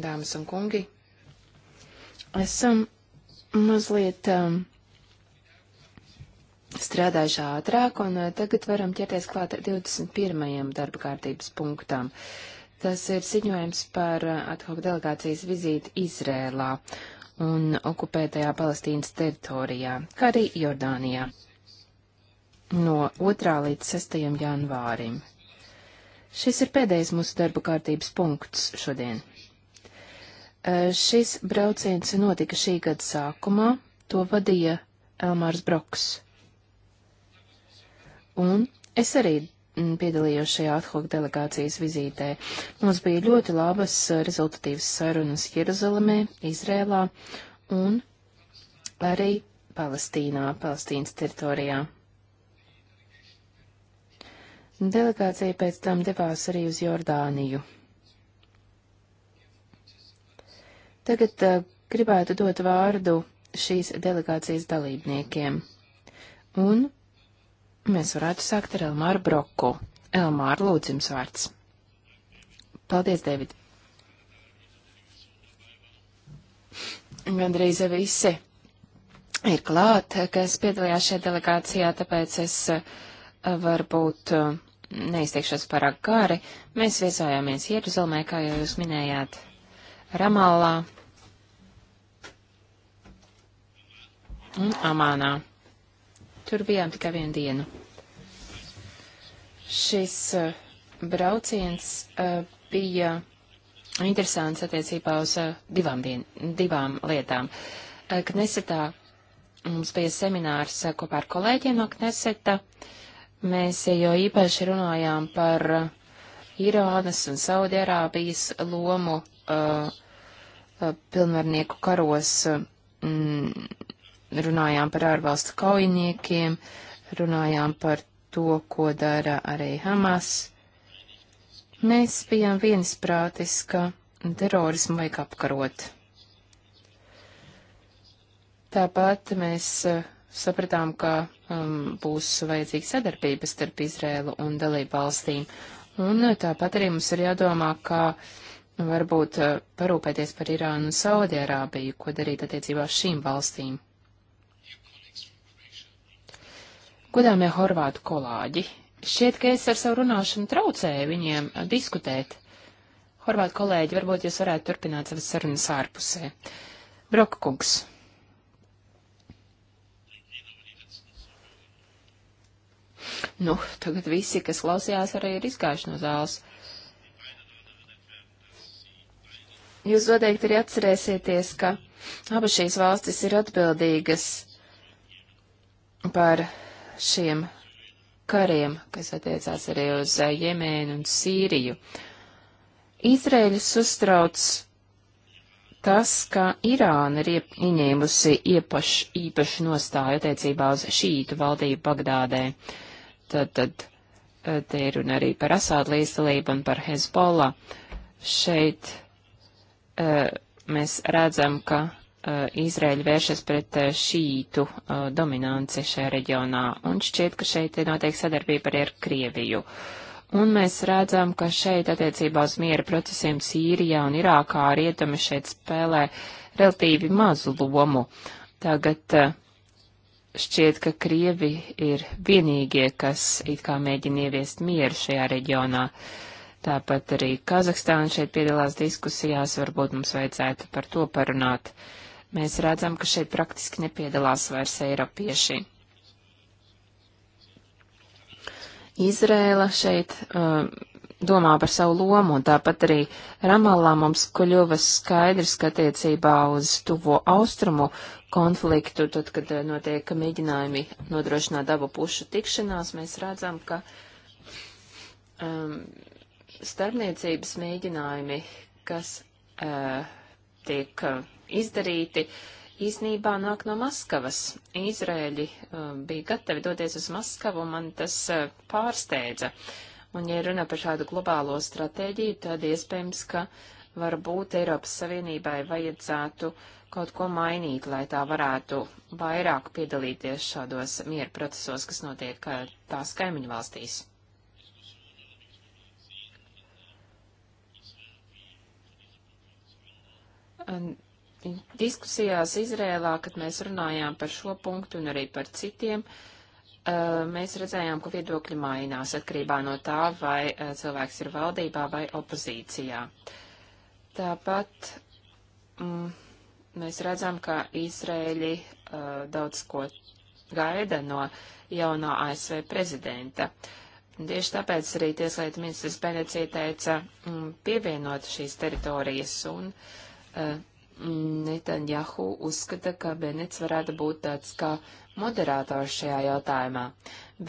dāmas un kungi, esam mazliet um, strādājuši ātrāk, un uh, tagad varam ķerties klāt 21. darba kārtības punktam. Tas ir ziņojums par uh, atkopu delegācijas vizīti Izrēlā un okupētajā Palestīnas teritorijā, kā arī Jordānijā no 2. līdz 6. janvārim Šis ir pēdējais mūsu darba kārtības punkts šodien. Šis brauciens notika šī gada sākumā, to vadīja Elmārs Broks. Un es arī piedalījos šajā adhok delegācijas vizītē. Mums bija ļoti labas rezultatīvas sarunas Jeruzalemē, Izrēlā un arī Palestīnā, Palestīnas teritorijā. Delegācija pēc tam devās arī uz Jordāniju. Tagad uh, gribētu dot vārdu šīs delegācijas dalībniekiem. Un mēs varētu sākt ar Elmāru Broku. Elmāra, lūdzu, jums vārds. Paldies, David. Gandrīz visi ir klāt, kas piedalījās šajā delegācijā, tāpēc es uh, varbūt uh, neizteikšos pārāk gari, mēs viesojāmies Jeruzalmē, kā jau jūs minējāt, Ramallā un Amānā. Tur bijām tikai vienu dienu. Šis uh, brauciens uh, bija interesants attiecībā uz uh, divām, dien, divām lietām. Knesetā mums bija seminārs kopā ar kolēģiem no Kneseta. Uh, Mēs jau īpaši runājām par Irānas un Saudierābijas lomu uh, uh, pilnvarnieku karos, mm, runājām par ārvalstu kaujiniekiem, runājām par to, ko dara arī Hamas. Mēs bijām viensprātis, ka terorismu vajag apkarot. Tāpat mēs uh, sapratām, ka um, būs vajadzīga sadarbība starp Izrēlu un dalību valstīm. Un uh, tāpat arī mums ir jādomā, kā nu, varbūt uh, parūpēties par Irānu un Saudierābiju, ko darīt attiecībā uz šīm valstīm. Godāmie horvātu kolāģi, šķiet, ka es ar savu runāšanu traucēju viņiem uh, diskutēt. Horvātu kolēģi, varbūt jūs varētu turpināt savas sarunas ārpusē. Brokkungs, Nu, tagad visi, kas klausījās, arī ir izgājuši no zāles. Jūs noteikti arī atcerēsieties, ka abas šīs valstis ir atbildīgas par šiem kariem, kas attiecās arī uz eh, Jemēnu un Sīriju. Izraēļus uztrauc tas, ka Irāna ir ieņēmusi iepaš, īpašu nostāju attiecībā uz šītu valdību Bagdādē. Uh, Tad, tad eh, te ir runa arī par Asādu līdzdalību un par Hezbollah. Šeit eh, mēs redzam, ka eh, Izraēļa vēršas pret šītu dominanci šajā reģionā, un šķiet, ka šeit notiek sadarbība arī ar Krieviju. Un mēs redzam, ka šeit attiecībā uz miera procesiem Sīrijā un Irākā rietumi šeit spēlē relatīvi mazu lomu. Tagad uh, šķiet, ka Krievi ir vienīgie, kas it kā mēģina ieviest mieru šajā reģionā. Tāpat arī Kazahstāna šeit piedalās diskusijās, varbūt mums vajadzētu par to parunāt. Mēs redzam, ka šeit praktiski nepiedalās vairs eiropieši. Izrēla šeit um, domā par savu lomu, un tāpat arī Ramallā mums kļuva skaidrs, ka attiecībā uz tuvo austrumu konfliktu, tad, kad eh, notiek mēģinājumi nodrošināt dabu pušu tikšanās, mēs redzam, ka um, starpniecības mēģinājumi, kas uh, tiek uh, izdarīti, īsnībā nāk no Maskavas. Izrēļi uh, bija gatavi doties uz Maskavu, un man tas uh, pārsteidza. Un, ja runa par šādu globālo stratēģiju, tad iespējams, ka varbūt Eiropas Savienībai vajadzētu uh, kaut ko mainīt, lai tā varētu vairāk piedalīties šādos miera procesos, kas notiek tās kaimiņu valstīs. Diskusijās Izrēlā, kad mēs runājām par šo punktu un arī par citiem, mēs redzējām, ka viedokļi mainās atkarībā no tā, vai cilvēks ir valdībā vai opozīcijā. Tāpat. Mm, mēs redzam, ka Izrēļi uh, daudz ko gaida no jauno ASV prezidenta. Tieši tāpēc arī Tieslietu ministrs Benecija teica m, mm, pievienot šīs teritorijas, un uh, Netanjahu uzskata, ka Benets varētu būt tāds kā moderators šajā jautājumā.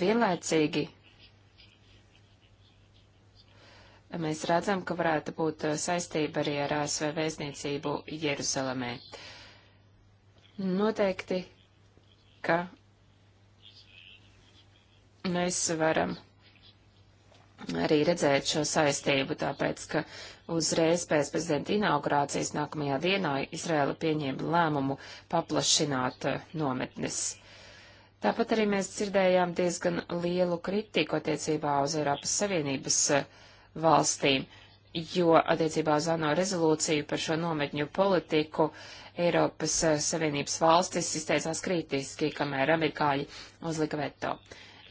Vienlaicīgi mēs redzam, ka varētu būt uh, saistība arī ar ASV vēstniecību Jeruzalemē. Noteikti, ka mēs varam arī redzēt šo saistību, tāpēc, ka uzreiz pēc prezidenta inaugurācijas nākamajā dienā Izraela pieņēma lēmumu paplašināt uh, nometnes. Tāpat arī mēs dzirdējām diezgan lielu kritiku attiecībā uz Eiropas Savienības uh, valstīm, jo attiecībā uz ANO rezolūciju par šo nometņu politiku Eiropas eh, Savienības valstis izteicās kritiski, kamēr amerikāļi uzlika veto.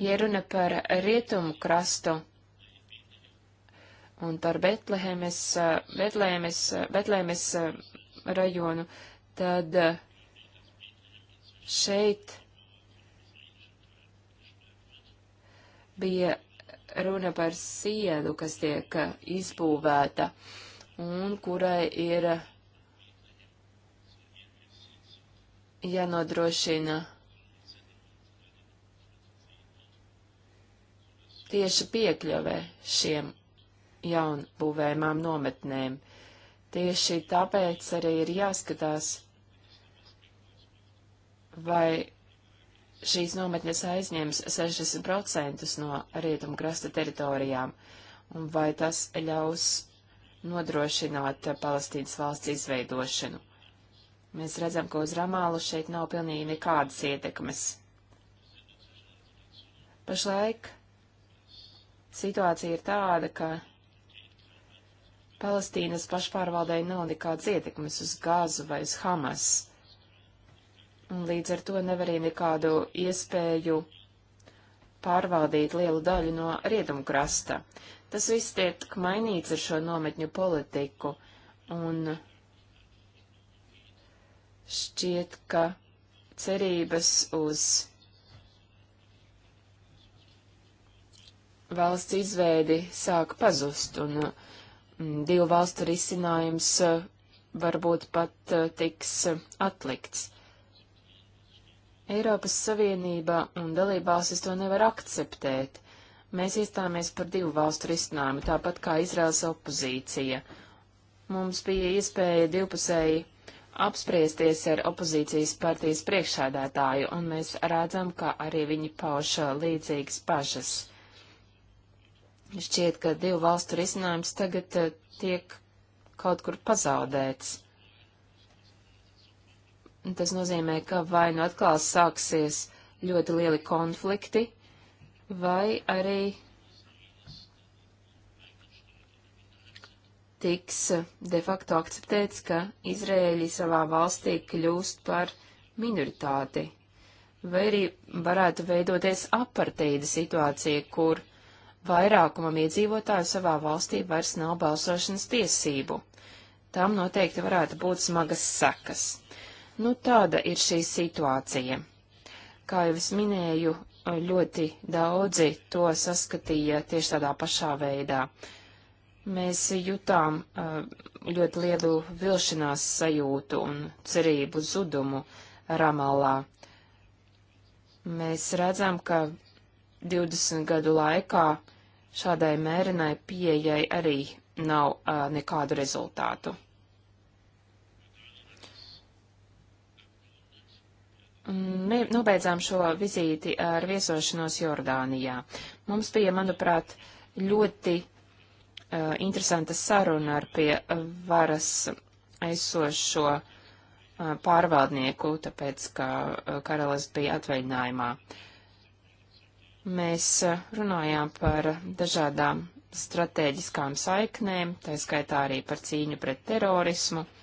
Ja runa par rietumu krastu un par Betlēmes, eh, Betlēmes, eh, Betlēmes rajonu, tad šeit bija runa par sienu, kas tiek uh, izbūvēta un kurai ir jānodrošina tieši piekļuve šiem jaunbūvējumām nometnēm. Tieši tāpēc arī ir jāskatās, vai šīs nometnes aizņems 60% no rietumu krasta teritorijām, un vai tas ļaus nodrošināt Palestīnas valsts izveidošanu. Mēs redzam, ka uz Ramālu šeit nav pilnīgi nekādas ietekmes. Pašlaik situācija ir tāda, ka Palestīnas pašpārvaldei nav nekādas ietekmes uz Gāzu vai uz Hamas un līdz ar to nevar arī nekādu iespēju pārvaldīt lielu daļu no rietumu krasta. Tas viss tiek mainīts ar šo nometņu politiku, un šķiet, ka cerības uz valsts izveidi sāk pazust, un mm, divu valstu risinājums eh, varbūt pat eh, tiks atlikts. Eiropas Savienība un dalībvalstis to nevar akceptēt. Mēs iestāmies par divu valstu risinājumu, tāpat kā Izraels opozīcija. Mums bija iespēja divpusēji apspriesties ar opozīcijas partijas priekšsādātāju, un mēs redzam, ka arī viņi pauž uh, līdzīgas pažas. Šķiet, ka divu valstu risinājums tagad uh, tiek kaut kur pazaudēts. Tas nozīmē, ka vai nu atkal sāksies ļoti lieli konflikti, vai arī tiks eh, de facto akceptēts, ka Izrēļi savā valstī kļūst par minoritāti, vai arī varētu veidoties aparteida situācija, kur vairākumam iedzīvotāju savā valstī vairs nav balsošanas tiesību. Tam noteikti varētu būt smagas sekas. Nu, tāda ir šī situācija. Kā jau es minēju, ļoti daudzi to saskatīja tieši tādā pašā veidā. Mēs jutām uh, ļoti lielu vilšanās sajūtu un cerību zudumu Ramalā. Mēs redzam, ka 20 gadu laikā šādai mērenai pieejai arī nav uh, nekādu rezultātu. nobeidzām šo vizīti ar viesošanos Jordānijā. Mums bija, manuprāt, ļoti uh, interesanta saruna ar pie varas aizsošo uh, eh, pārvaldnieku, tāpēc, ka uh, karalis bija atvaļinājumā. Mēs uh, runājām par dažādām stratēģiskām saiknēm, tā skaitā arī par cīņu pret terorismu. Uh,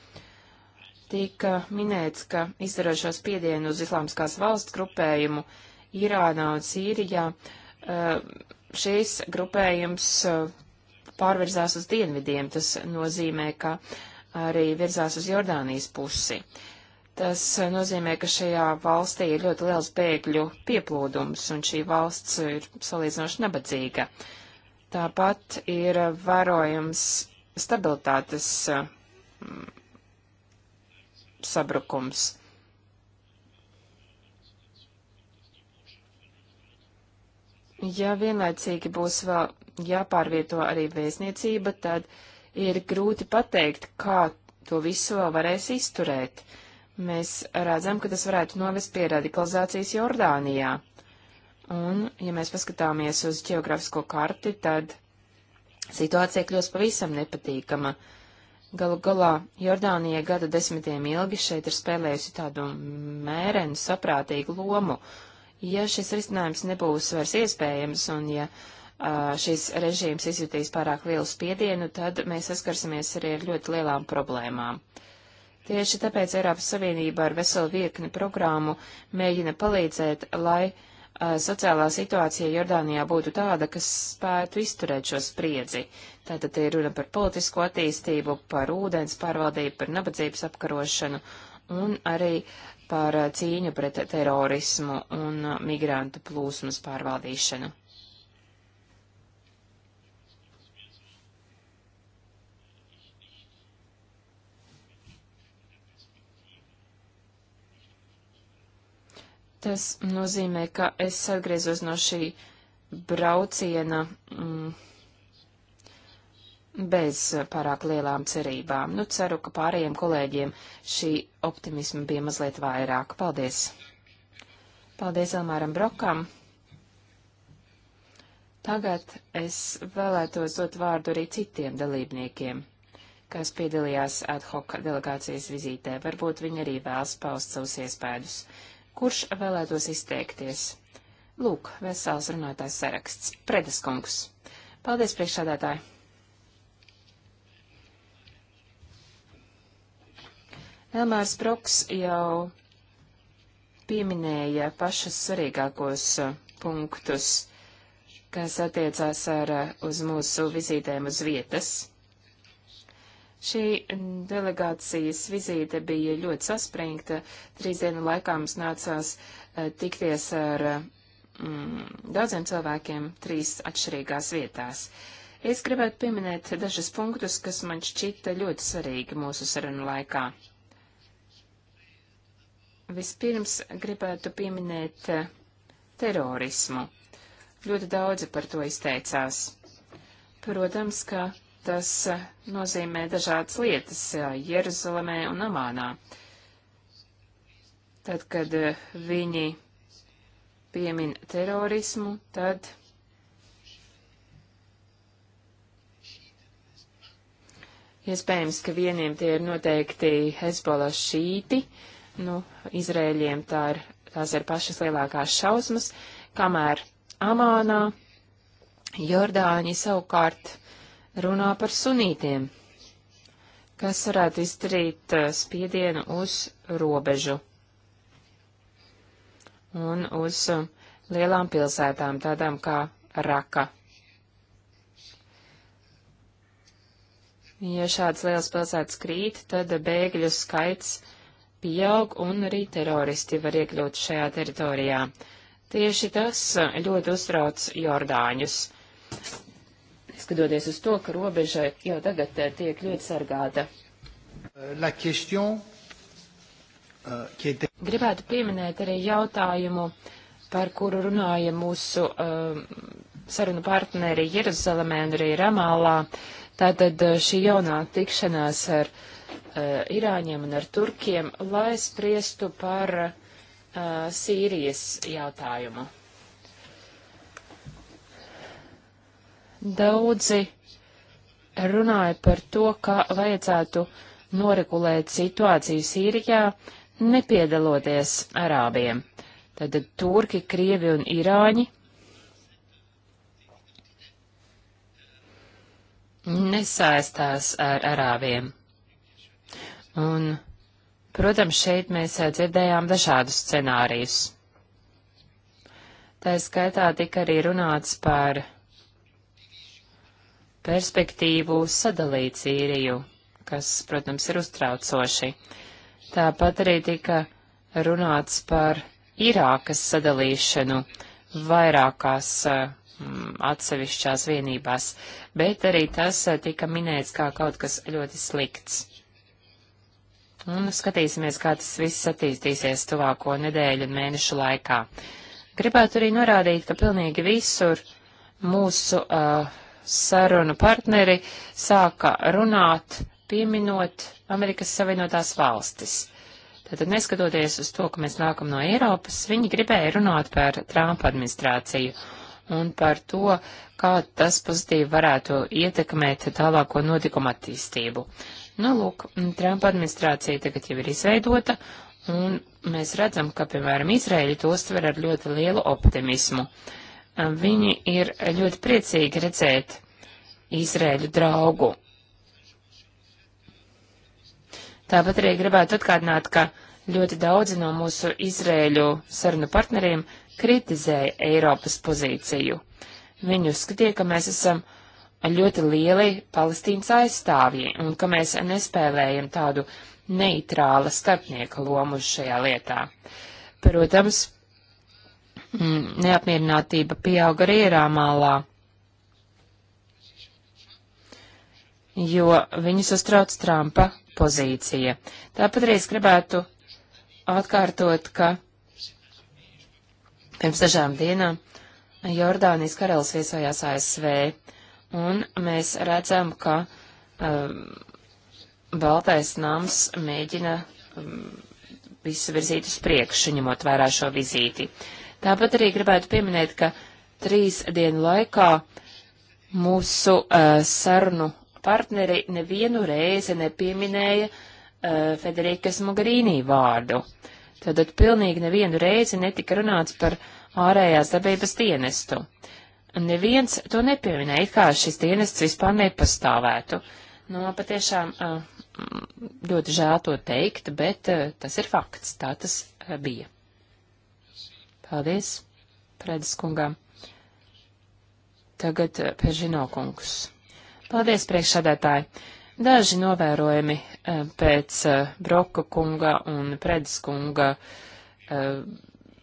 tika minēts, ka izdarot šo spiedienu uz islāmskās valsts grupējumu Irānā un Sīrijā, eh, šīs grupējums eh, pārvirzās uz dienvidiem. Tas nozīmē, ka arī virzās uz Jordānijas pusi. Tas eh, nozīmē, ka šajā valstī ir ļoti liels bēgļu pieplūdums, un šī valsts ir salīdzinoši nabadzīga. Tāpat ir vērojams stabilitātes sabrukums. Ja vienlaicīgi būs vēl jāpārvieto arī vēstniecība, tad ir grūti pateikt, kā to visu vēl varēs izturēt. Mēs redzam, ka tas varētu novest pie radikalizācijas Jordānijā. Un, ja mēs paskatāmies uz ģeogrāfisko karti, tad situācija kļūst pavisam nepatīkama. Uh, Galu galā Jordānija gada desmitiem ilgi šeit ir spēlējusi tādu mērenu, saprātīgu lomu. Ja šis risinājums nebūs vairs iespējams un ja uh, šis režīms izjutīs pārāk lielu spiedienu, tad mēs saskarsimies arī ar ļoti lielām problēmām. Tieši tāpēc Eiropas Savienība ar veselu virkni programmu mēģina palīdzēt, lai uh, sociālā situācija Jordānijā būtu tāda, kas spētu izturēt šo spriedzi. Tātad ir runa par politisko attīstību, par ūdens pārvaldību, par nabadzības apkarošanu un arī par eh, cīņu pret terorismu un eh, migrantu plūsmas pārvaldīšanu. Tas nozīmē, ka es atgriezos no šī brauciena. Mm, bez pārāk lielām cerībām. Nu, ceru, ka pārējiem kolēģiem šī optimisma bija mazliet vairāk. Paldies! Paldies Elmāram Brokam! Tagad es vēlētos dot vārdu arī citiem dalībniekiem, kas piedalījās ad hoc delegācijas vizītē. Varbūt viņi arī vēlas paust savus iespējas. Kurš vēlētos izteikties? Lūk, vesels runātājs saraksts. Predeskungs. Paldies, priekšsādātāji! Elmārs Broks jau pieminēja pašas svarīgākos uh, punktus, kas attiecās ar, uh, uz mūsu vizītēm uz vietas. Šī delegācijas vizīte bija ļoti saspringta. Trīs dienu laikā mums nācās uh, tikties ar mm, daudziem cilvēkiem trīs atšķirīgās vietās. Es gribētu pieminēt dažas punktus, kas man šķita ļoti svarīgi mūsu sarunu laikā. Vispirms gribētu pieminēt eh, terorismu. Ļoti daudzi par to izteicās. Protams, ka tas eh, nozīmē dažādas lietas eh, Jeruzalemē un Amānā. Tad, kad viņi piemin terorismu, tad iespējams, ka vieniem tie ir noteikti Hezbollah šīti, uh, Nu, Izrēļiem tā ir, tās ir pašas lielākās šausmas, kamēr Amānā Jordāņi savukārt runā par sunītiem, kas varētu izdarīt eh, spiedienu uz robežu un uz eh, lielām pilsētām, tādām kā Raka. Ja šāds liels pilsētas krīt, tad bēgļu skaits pieaug un arī teroristi var iekļūt šajā teritorijā. Tieši tas ļoti uztrauc Jordāņus. Skatoties uz to, ka robeža jau tagad tiek ļoti sargāta. Question, uh, était... Gribētu pieminēt arī jautājumu, par kuru runāja mūsu uh, sarunu partneri Jeruzalemē un arī Ramālā. Tātad uh, šī jaunā tikšanās ar uh, uh, Irāņiem un ar Turkiem, lai spriestu par uh, Sīrijas jautājumu. Daudzi runāja par to, ka vajadzētu noregulēt situāciju Sīrijā, nepiedaloties arābiem. Tad turki, krievi un irāņi nesaistās ar arābiem. Un, protams, šeit mēs eh, dzirdējām dažādus scenārijus. Tā skaitā tika arī runāts par perspektīvu sadalīt Sīriju, kas, protams, ir uztraucoši. Tāpat arī tika runāts par Irākas sadalīšanu vairākās mm, atsevišķās vienībās, bet arī tas eh, tika minēts kā kaut kas ļoti slikts un skatīsimies, kā tas viss attīstīsies tuvāko nedēļu un mēnešu laikā. Gribētu arī norādīt, ka pilnīgi visur mūsu uh, sarunu partneri sāka runāt, pieminot Amerikas Savienotās valstis. Tātad, neskatoties uz to, ka mēs nākam no Eiropas, viņi gribēja runāt par Trumpa administrāciju un par to, kā tas pozitīvi varētu ietekmēt tālāko notikumu attīstību. Nu, lūk, Trumpa administrācija tagad jau ir izveidota, un mēs redzam, ka, piemēram, Izraēļi to uztver ar ļoti lielu optimismu. Viņi ir ļoti priecīgi redzēt Izraēļu draugu. Tāpat arī gribētu atkārtināt, ka ļoti daudzi no mūsu Izraēļu sarunu partneriem kritizēja Eiropas pozīciju. Viņi uzskatīja, ka mēs esam uh, ļoti lieli Palestīnas aizstāvji un ka mēs nespēlējam tādu neitrāla starpnieka lomu šajā lietā. Protams, mm, neapmierinātība pieauga arī Rāmālā, jo viņus uztrauc Trumpa pozīcija. Tāpat arī es gribētu atkārtot, ka pirms dažām dienām Jordānijas karalis viesojās ASV un mēs redzam, ka um, Baltais nams mēģina um, visu virzīt uz priekšu, ņemot vērā šo vizīti. Tāpat arī gribētu pieminēt, ka trīs dienu laikā mūsu uh, sarunu partneri nevienu reizi nepieminēja uh, Federikas Mogarīnī vārdu. Tātad pilnīgi nevienu reizi netika runāts par ārējās darbības dienestu. Uh, neviens to nepieminēja, it kā šis dienests vispār nepastāvētu. Nu, man patiešām mm, ļoti žēl to teikt, bet tas ir fakts, tā tas bija. Paldies, Prēdas kungām. Tagad Peržino kungs. Paldies, priekšsādētāji. Daži novērojumi pēc Broka kunga un Prēdas kunga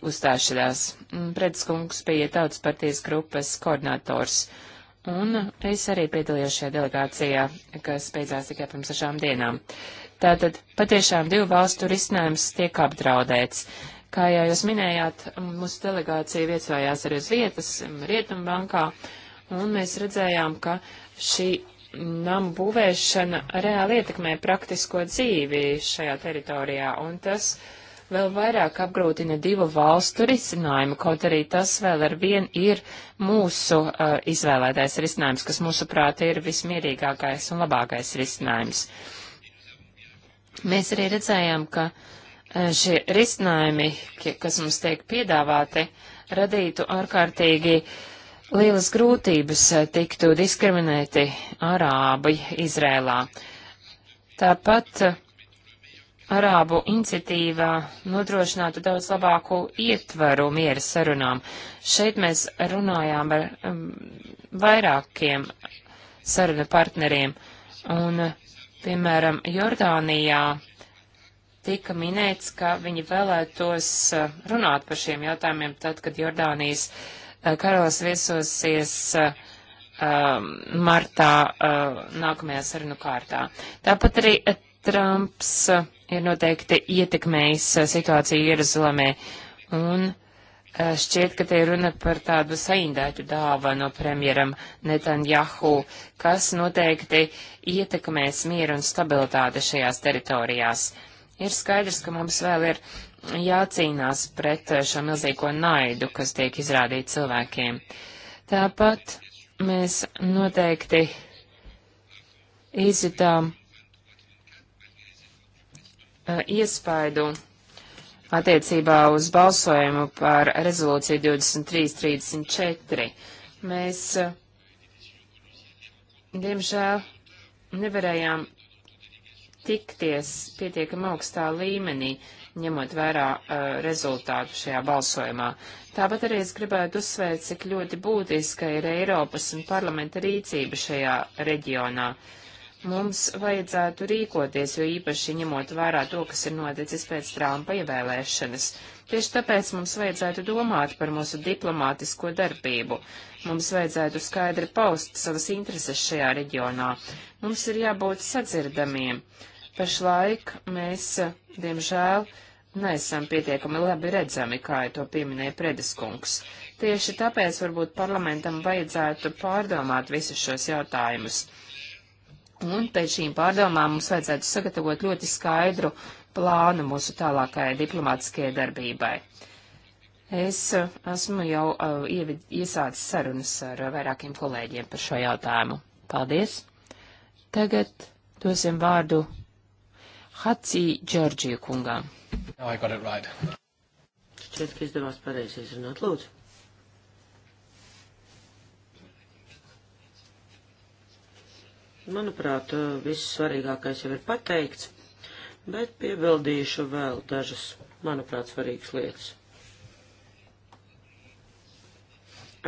uzstāšanās. Mm, Predskungs bija tautas partijas grupas koordinators, un es arī piedalījos šajā delegācijā, kas beidzās tikai pirms sešām dienām. Tātad patiešām divu valstu risinājums tiek apdraudēts. Kā jau jūs minējāt, mūsu delegācija viesojās arī uz vietas Rietumbankā, un mēs redzējām, ka šī namu būvēšana reāli ietekmē praktisko dzīvi šajā teritorijā, un tas uh, vēl vairāk apgrūtina divu valstu risinājumu, kaut arī tas vēl ar vien ir mūsu uh, izvēlētais risinājums, kas mūsuprāt ir vismierīgākais un labākais risinājums. Mēs arī redzējām, ka uh, šie risinājumi, kas mums tiek piedāvāti, radītu ārkārtīgi uh, lielas grūtības uh, tiktu diskriminēti arābi Izrēlā. Tāpat uh, Arābu iniciatīvā nodrošinātu daudz labāku ietvaru miera sarunām. Šeit mēs runājām ar um, vairākiem sarunu partneriem, un, piemēram, Jordānijā tika minēts, ka viņi vēlētos uh, runāt par šiem jautājumiem tad, kad Jordānijas uh, karalis viesosies uh, um, martā uh, nākamajā sarunu kārtā. Tāpat arī uh, Trumps uh, ir noteikti ietekmējis situāciju Jeruzalemē. Un šķiet, ka te ir runa par tādu saindētu dāvanu premjeram Netanjahu, kas noteikti ietekmēs mieru un stabilitāti šajās teritorijās. Ir skaidrs, ka mums vēl ir jācīnās pret šo milzīgo naidu, kas tiek izrādīta cilvēkiem. Tāpat mēs noteikti izjutām Uh, iespaidu attiecībā uz balsojumu par rezolūciju 2334. Mēs, uh, diemžēl, nevarējām tikties pietiekam augstā līmenī, ņemot vērā uh, rezultātu šajā balsojumā. Tāpat arī es gribētu uzsvērt, cik ļoti būtiska ir Eiropas un parlamenta rīcība šajā reģionā. Uh, mums vajadzētu rīkoties, jo īpaši ņemot vērā to, kas ir noticis pēc Trumpa ievēlēšanas. Tieši tāpēc mums vajadzētu domāt par mūsu diplomātisko darbību. Mums vajadzētu skaidri paust savas intereses šajā reģionā. Mums ir jābūt sadzirdamiem. Pašlaik mēs, diemžēl, neesam pietiekami labi redzami, kā jau to pieminēja Predeskungs. Tieši tāpēc varbūt parlamentam vajadzētu pārdomāt visus šos jautājumus. Un pēc šīm pārdomām mums vajadzētu sagatavot ļoti skaidru plānu mūsu tālākajai diplomātiskajai darbībai. Es uh, esmu jau uh, iesācis sarunas ar uh, vairākiem kolēģiem par šo jautājumu. Paldies! Tagad dosim vārdu Hatsī Džordžiju kungām. Šķiet, no, right. ka izdevās pareizi izrunāt. Lūdzu! Manuprāt, eh, viss svarīgākais jau ir pateikts, bet piebildīšu vēl dažas, manuprāt, svarīgas lietas.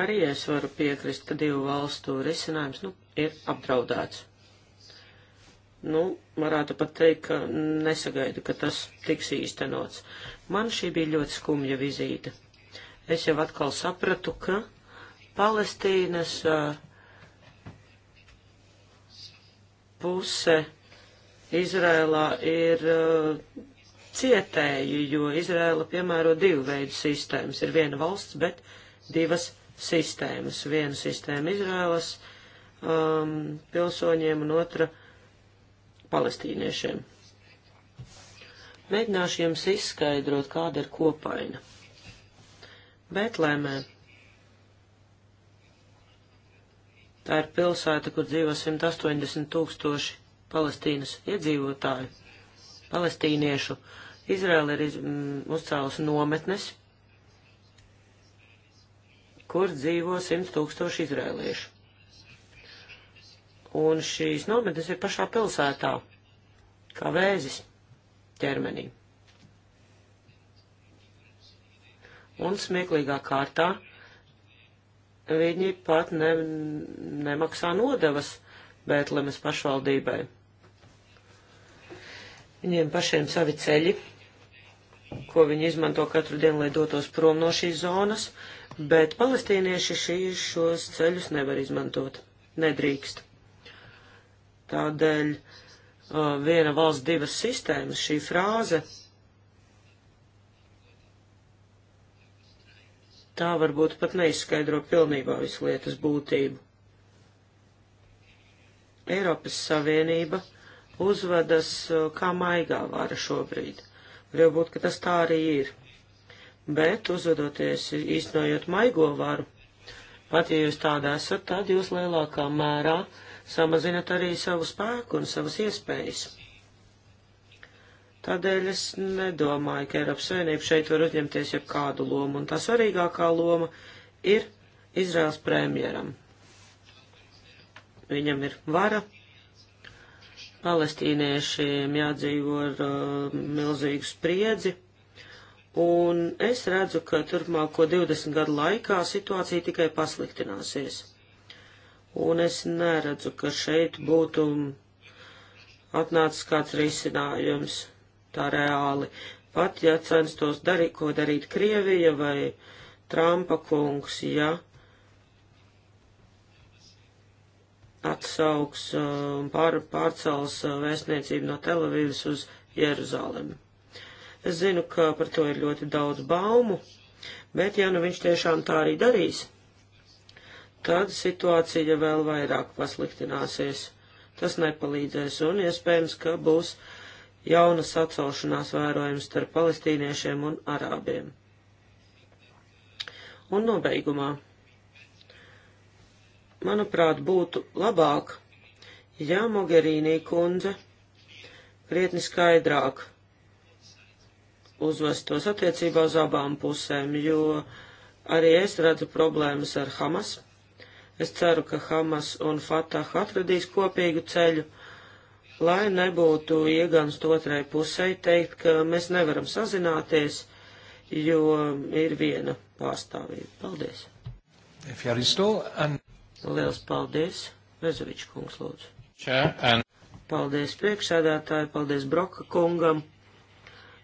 Arī es varu piekrist, ka divu valstu risinājums nu, ir apdraudēts. Nu, varētu pat teikt, ka nesagaidu, ka tas tiks īstenots. Man šī bija ļoti skumja vizīte. Es jau atkal sapratu, ka Palestīnas uh, puse Izrēlā ir uh, cietēji, jo Izrēla piemēro divu veidu sistēmas. Ir viena valsts, bet divas sistēmas. Viena sistēma Izrēlas um, pilsoņiem un otra palestīniešiem. Mēģināšu jums izskaidrot, kāda ir kopaina. Betlēmē Tā ir pilsēta, kur dzīvo 180 tūkstoši Palestīnas iedzīvotāju, palestīniešu. Izraela ir iz, mm, uzcēlus nometnes, kur dzīvo 100 tūkstoši izrēliešu. Un šīs nometnes ir pašā pilsētā, kā vēzis ķermenī. Un smieklīgā kārtā viņi pat ne, nemaksā nodevas Bētlemes pašvaldībai. Viņiem pašiem savi ceļi, ko viņi izmanto katru dienu, lai dotos prom no šīs zonas, bet palestīnieši šī, šos ceļus nevar izmantot. Nedrīkst. Tādēļ uh, viena valsts divas sistēmas šī frāze tā varbūt pat neizskaidro pilnībā visu lietas būtību. Eiropas Savienība uzvedas uh, kā maigā vara šobrīd. Var jau būt, ka tas tā arī ir. Bet uzvedoties īstenojot maigo varu, pat ja jūs tādā esat, tad jūs lielākā mērā samazinat arī savu spēku un savas iespējas. Tādēļ es nedomāju, ka Eiropas Savienība šeit var uzņemties jau kādu lomu, un tā svarīgākā loma ir Izraels premjeram. Viņam ir vara, palestīniešiem jādzīvo ar uh, milzīgu spriedzi, un es redzu, ka turpmāko 20 gadu laikā situācija tikai pasliktināsies. Un es neredzu, ka šeit būtu atnācis kāds risinājums tā reāli. Pat, ja censtos darīt, ko darīt Krievija vai Trumpa kungs, ja atsauks un um, pār, pārcels uh, vēstniecību no Telavīvas uz Jeruzalemi. Es zinu, ka par to ir ļoti daudz baumu, bet ja nu viņš tiešām tā arī darīs, tad situācija vēl vairāk pasliktināsies. Tas nepalīdzēs un iespējams, ka būs jauna sacelšanās vērojama starp palestīniešiem un arābiem. Un nobeigumā, manuprāt, būtu labāk, ja Mogherīnī kundze krietni skaidrāk uzvestos attiecībā uz abām pusēm, jo arī es redzu problēmas ar Hamas. Es ceru, ka Hamas un Fatah atradīs kopīgu ceļu lai nebūtu iegans otrai pusē teikt, ka mēs nevaram sazināties, jo ir viena pārstāvība. Paldies! And... Liels paldies! Vezovičs kungs lūdzu. Chair, and... Paldies priekšsēdētāji, paldies Broka kungam,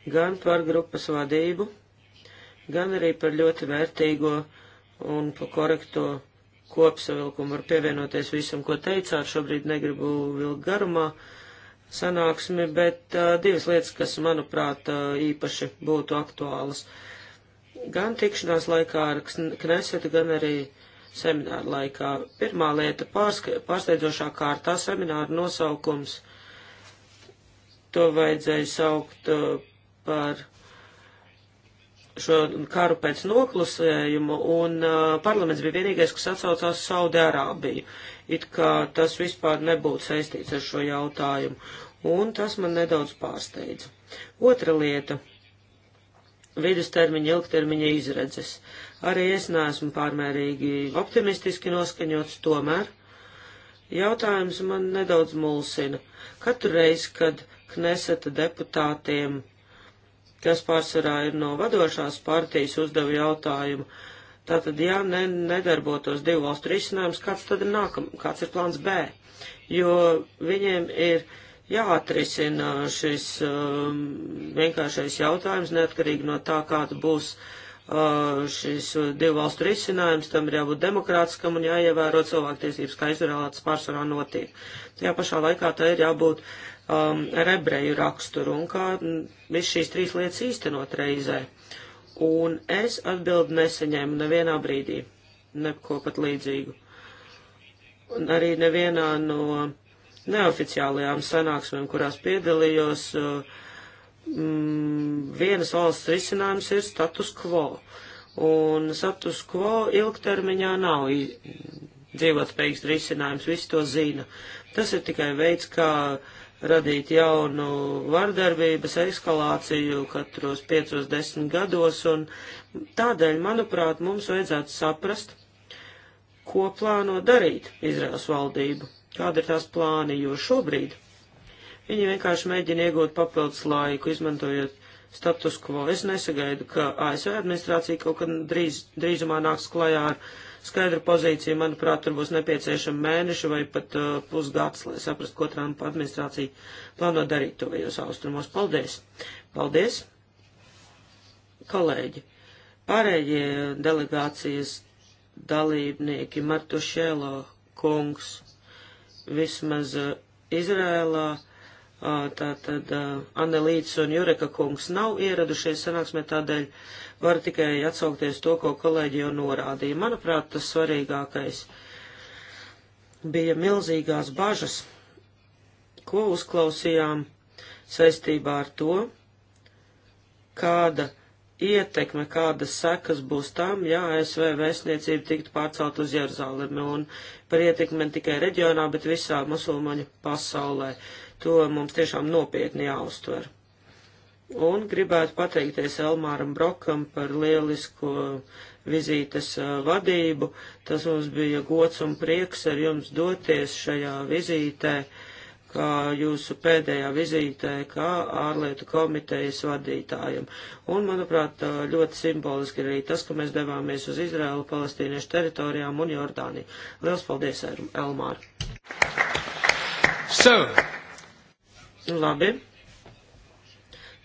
gan par grupas vadību, gan arī par ļoti vērtīgo un pa korekto kopsavilkumu. Var pievienoties visam, ko teicāt, šobrīd negribu vilkt garumā. Uh, sanāksmi, bet uh, divas lietas, kas, manuprāt, uh, īpaši būtu aktuālas. Gan tikšanās laikā ar Knesetu, gan arī semināru laikā. Pirmā lieta - pārsteidzošā kārtā semināra nosaukums. To vajadzēja saukt uh, par šo karu pēc noklusējuma, un uh, parlaments bija vienīgais, kas atsaucās Saudi Arābiju it kā tas vispār nebūtu saistīts ar šo jautājumu, un tas man nedaudz pārsteidza. Otra lieta - vidustermiņa, ilgtermiņa izredzes. Arī es neesmu pārmērīgi optimistiski noskaņots, tomēr jautājums man nedaudz mulsina. Katru reizi, kad Kneseta deputātiem kas pārsvarā ir no vadošās partijas, uzdeva jautājumu, Tātad, ja ne, nedarbotos divu valstu risinājums, kāds tad ir nākam, kāds ir plāns B? Jo viņiem ir jāatrisina šis um, vienkāršais jautājums, neatkarīgi no tā, kāda būs uh, šis uh, divu valstu risinājums, tam ir jābūt demokrātiskam un jāievēro cilvēktiesības, kā izvēlētas pārsvarā notiek. Tajā pašā laikā tā ir jābūt um, rebreju raksturu un kā viss šīs trīs lietas īstenot reizē. Uh, un es atbildi neseņēmu nevienā brīdī, neko pat līdzīgu. Un arī nevienā no neoficiālajām sanāksmēm, kurās piedalījos, mm, vienas valsts risinājums ir status quo. Un status quo ilgtermiņā nav dzīvotspējīgs risinājums, visi to zina. Tas ir tikai veids, kā uh, radīt jaunu vardarbības eskalāciju katros 5-10 gados, un tādēļ, manuprāt, mums vajadzētu saprast, ko plāno darīt Izraels valdību, kāda ir tās plāni, jo šobrīd viņi vienkārši mēģina iegūt papildus laiku, izmantojot status quo. Es nesagaidu, ka ASV administrācija kaut kad drīz, drīzumā nāks klajā ar skaidru pozīciju. Manuprāt, tur būs nepieciešama mēneša vai pat uh, pusgads, lai saprastu, ko Trumpa administrācija plāno darīt tuvējos austrumos. Paldies! Paldies! Kolēģi! Pārējie delegācijas dalībnieki Martušēlo kungs vismaz uh, Izrēlā. Uh, tātad uh, Anelīts un Jureka kungs nav ieradušies sanāksmē tādēļ. Uh, Varu tikai atsaukties to, ko kolēģi jau norādīja. Manuprāt, tas svarīgākais bija milzīgās bažas, ko uzklausījām saistībā ar to, kāda ietekme, kādas sekas būs tam, ja ASV vēstniecība tiktu pārcelt uz Jeruzalemi un par ietekmi ne tikai reģionā, bet visā musulmaņu pasaulē. To mums tiešām nopietni jāuztver. Un gribētu pateikties Elmāram Brokam par lielisko vizītes vadību. Tas mums bija gods un prieks ar jums doties šajā vizītē, kā jūsu pēdējā vizītē, kā ārlietu komitejas vadītājam. Un, manuprāt, ļoti simboliski arī tas, ka mēs devāmies uz Izraēlu, palestīniešu teritorijām un Jordāniju. Liels paldies, Elmār! So. Labi.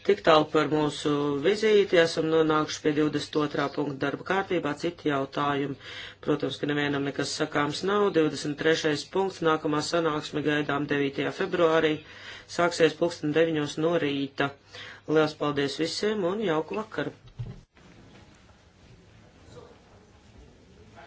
Tik tālu par mūsu vizīti esam nonākuši pie 22. punkta darba kārtībā. Citi jautājumi, protams, ka nevienam nekas sakāms nav. 23. punkts nākamā sanāksme gaidām 9. februārī. Sāksies pulksten 9. no rīta. Lielas paldies visiem un jauku vakaru!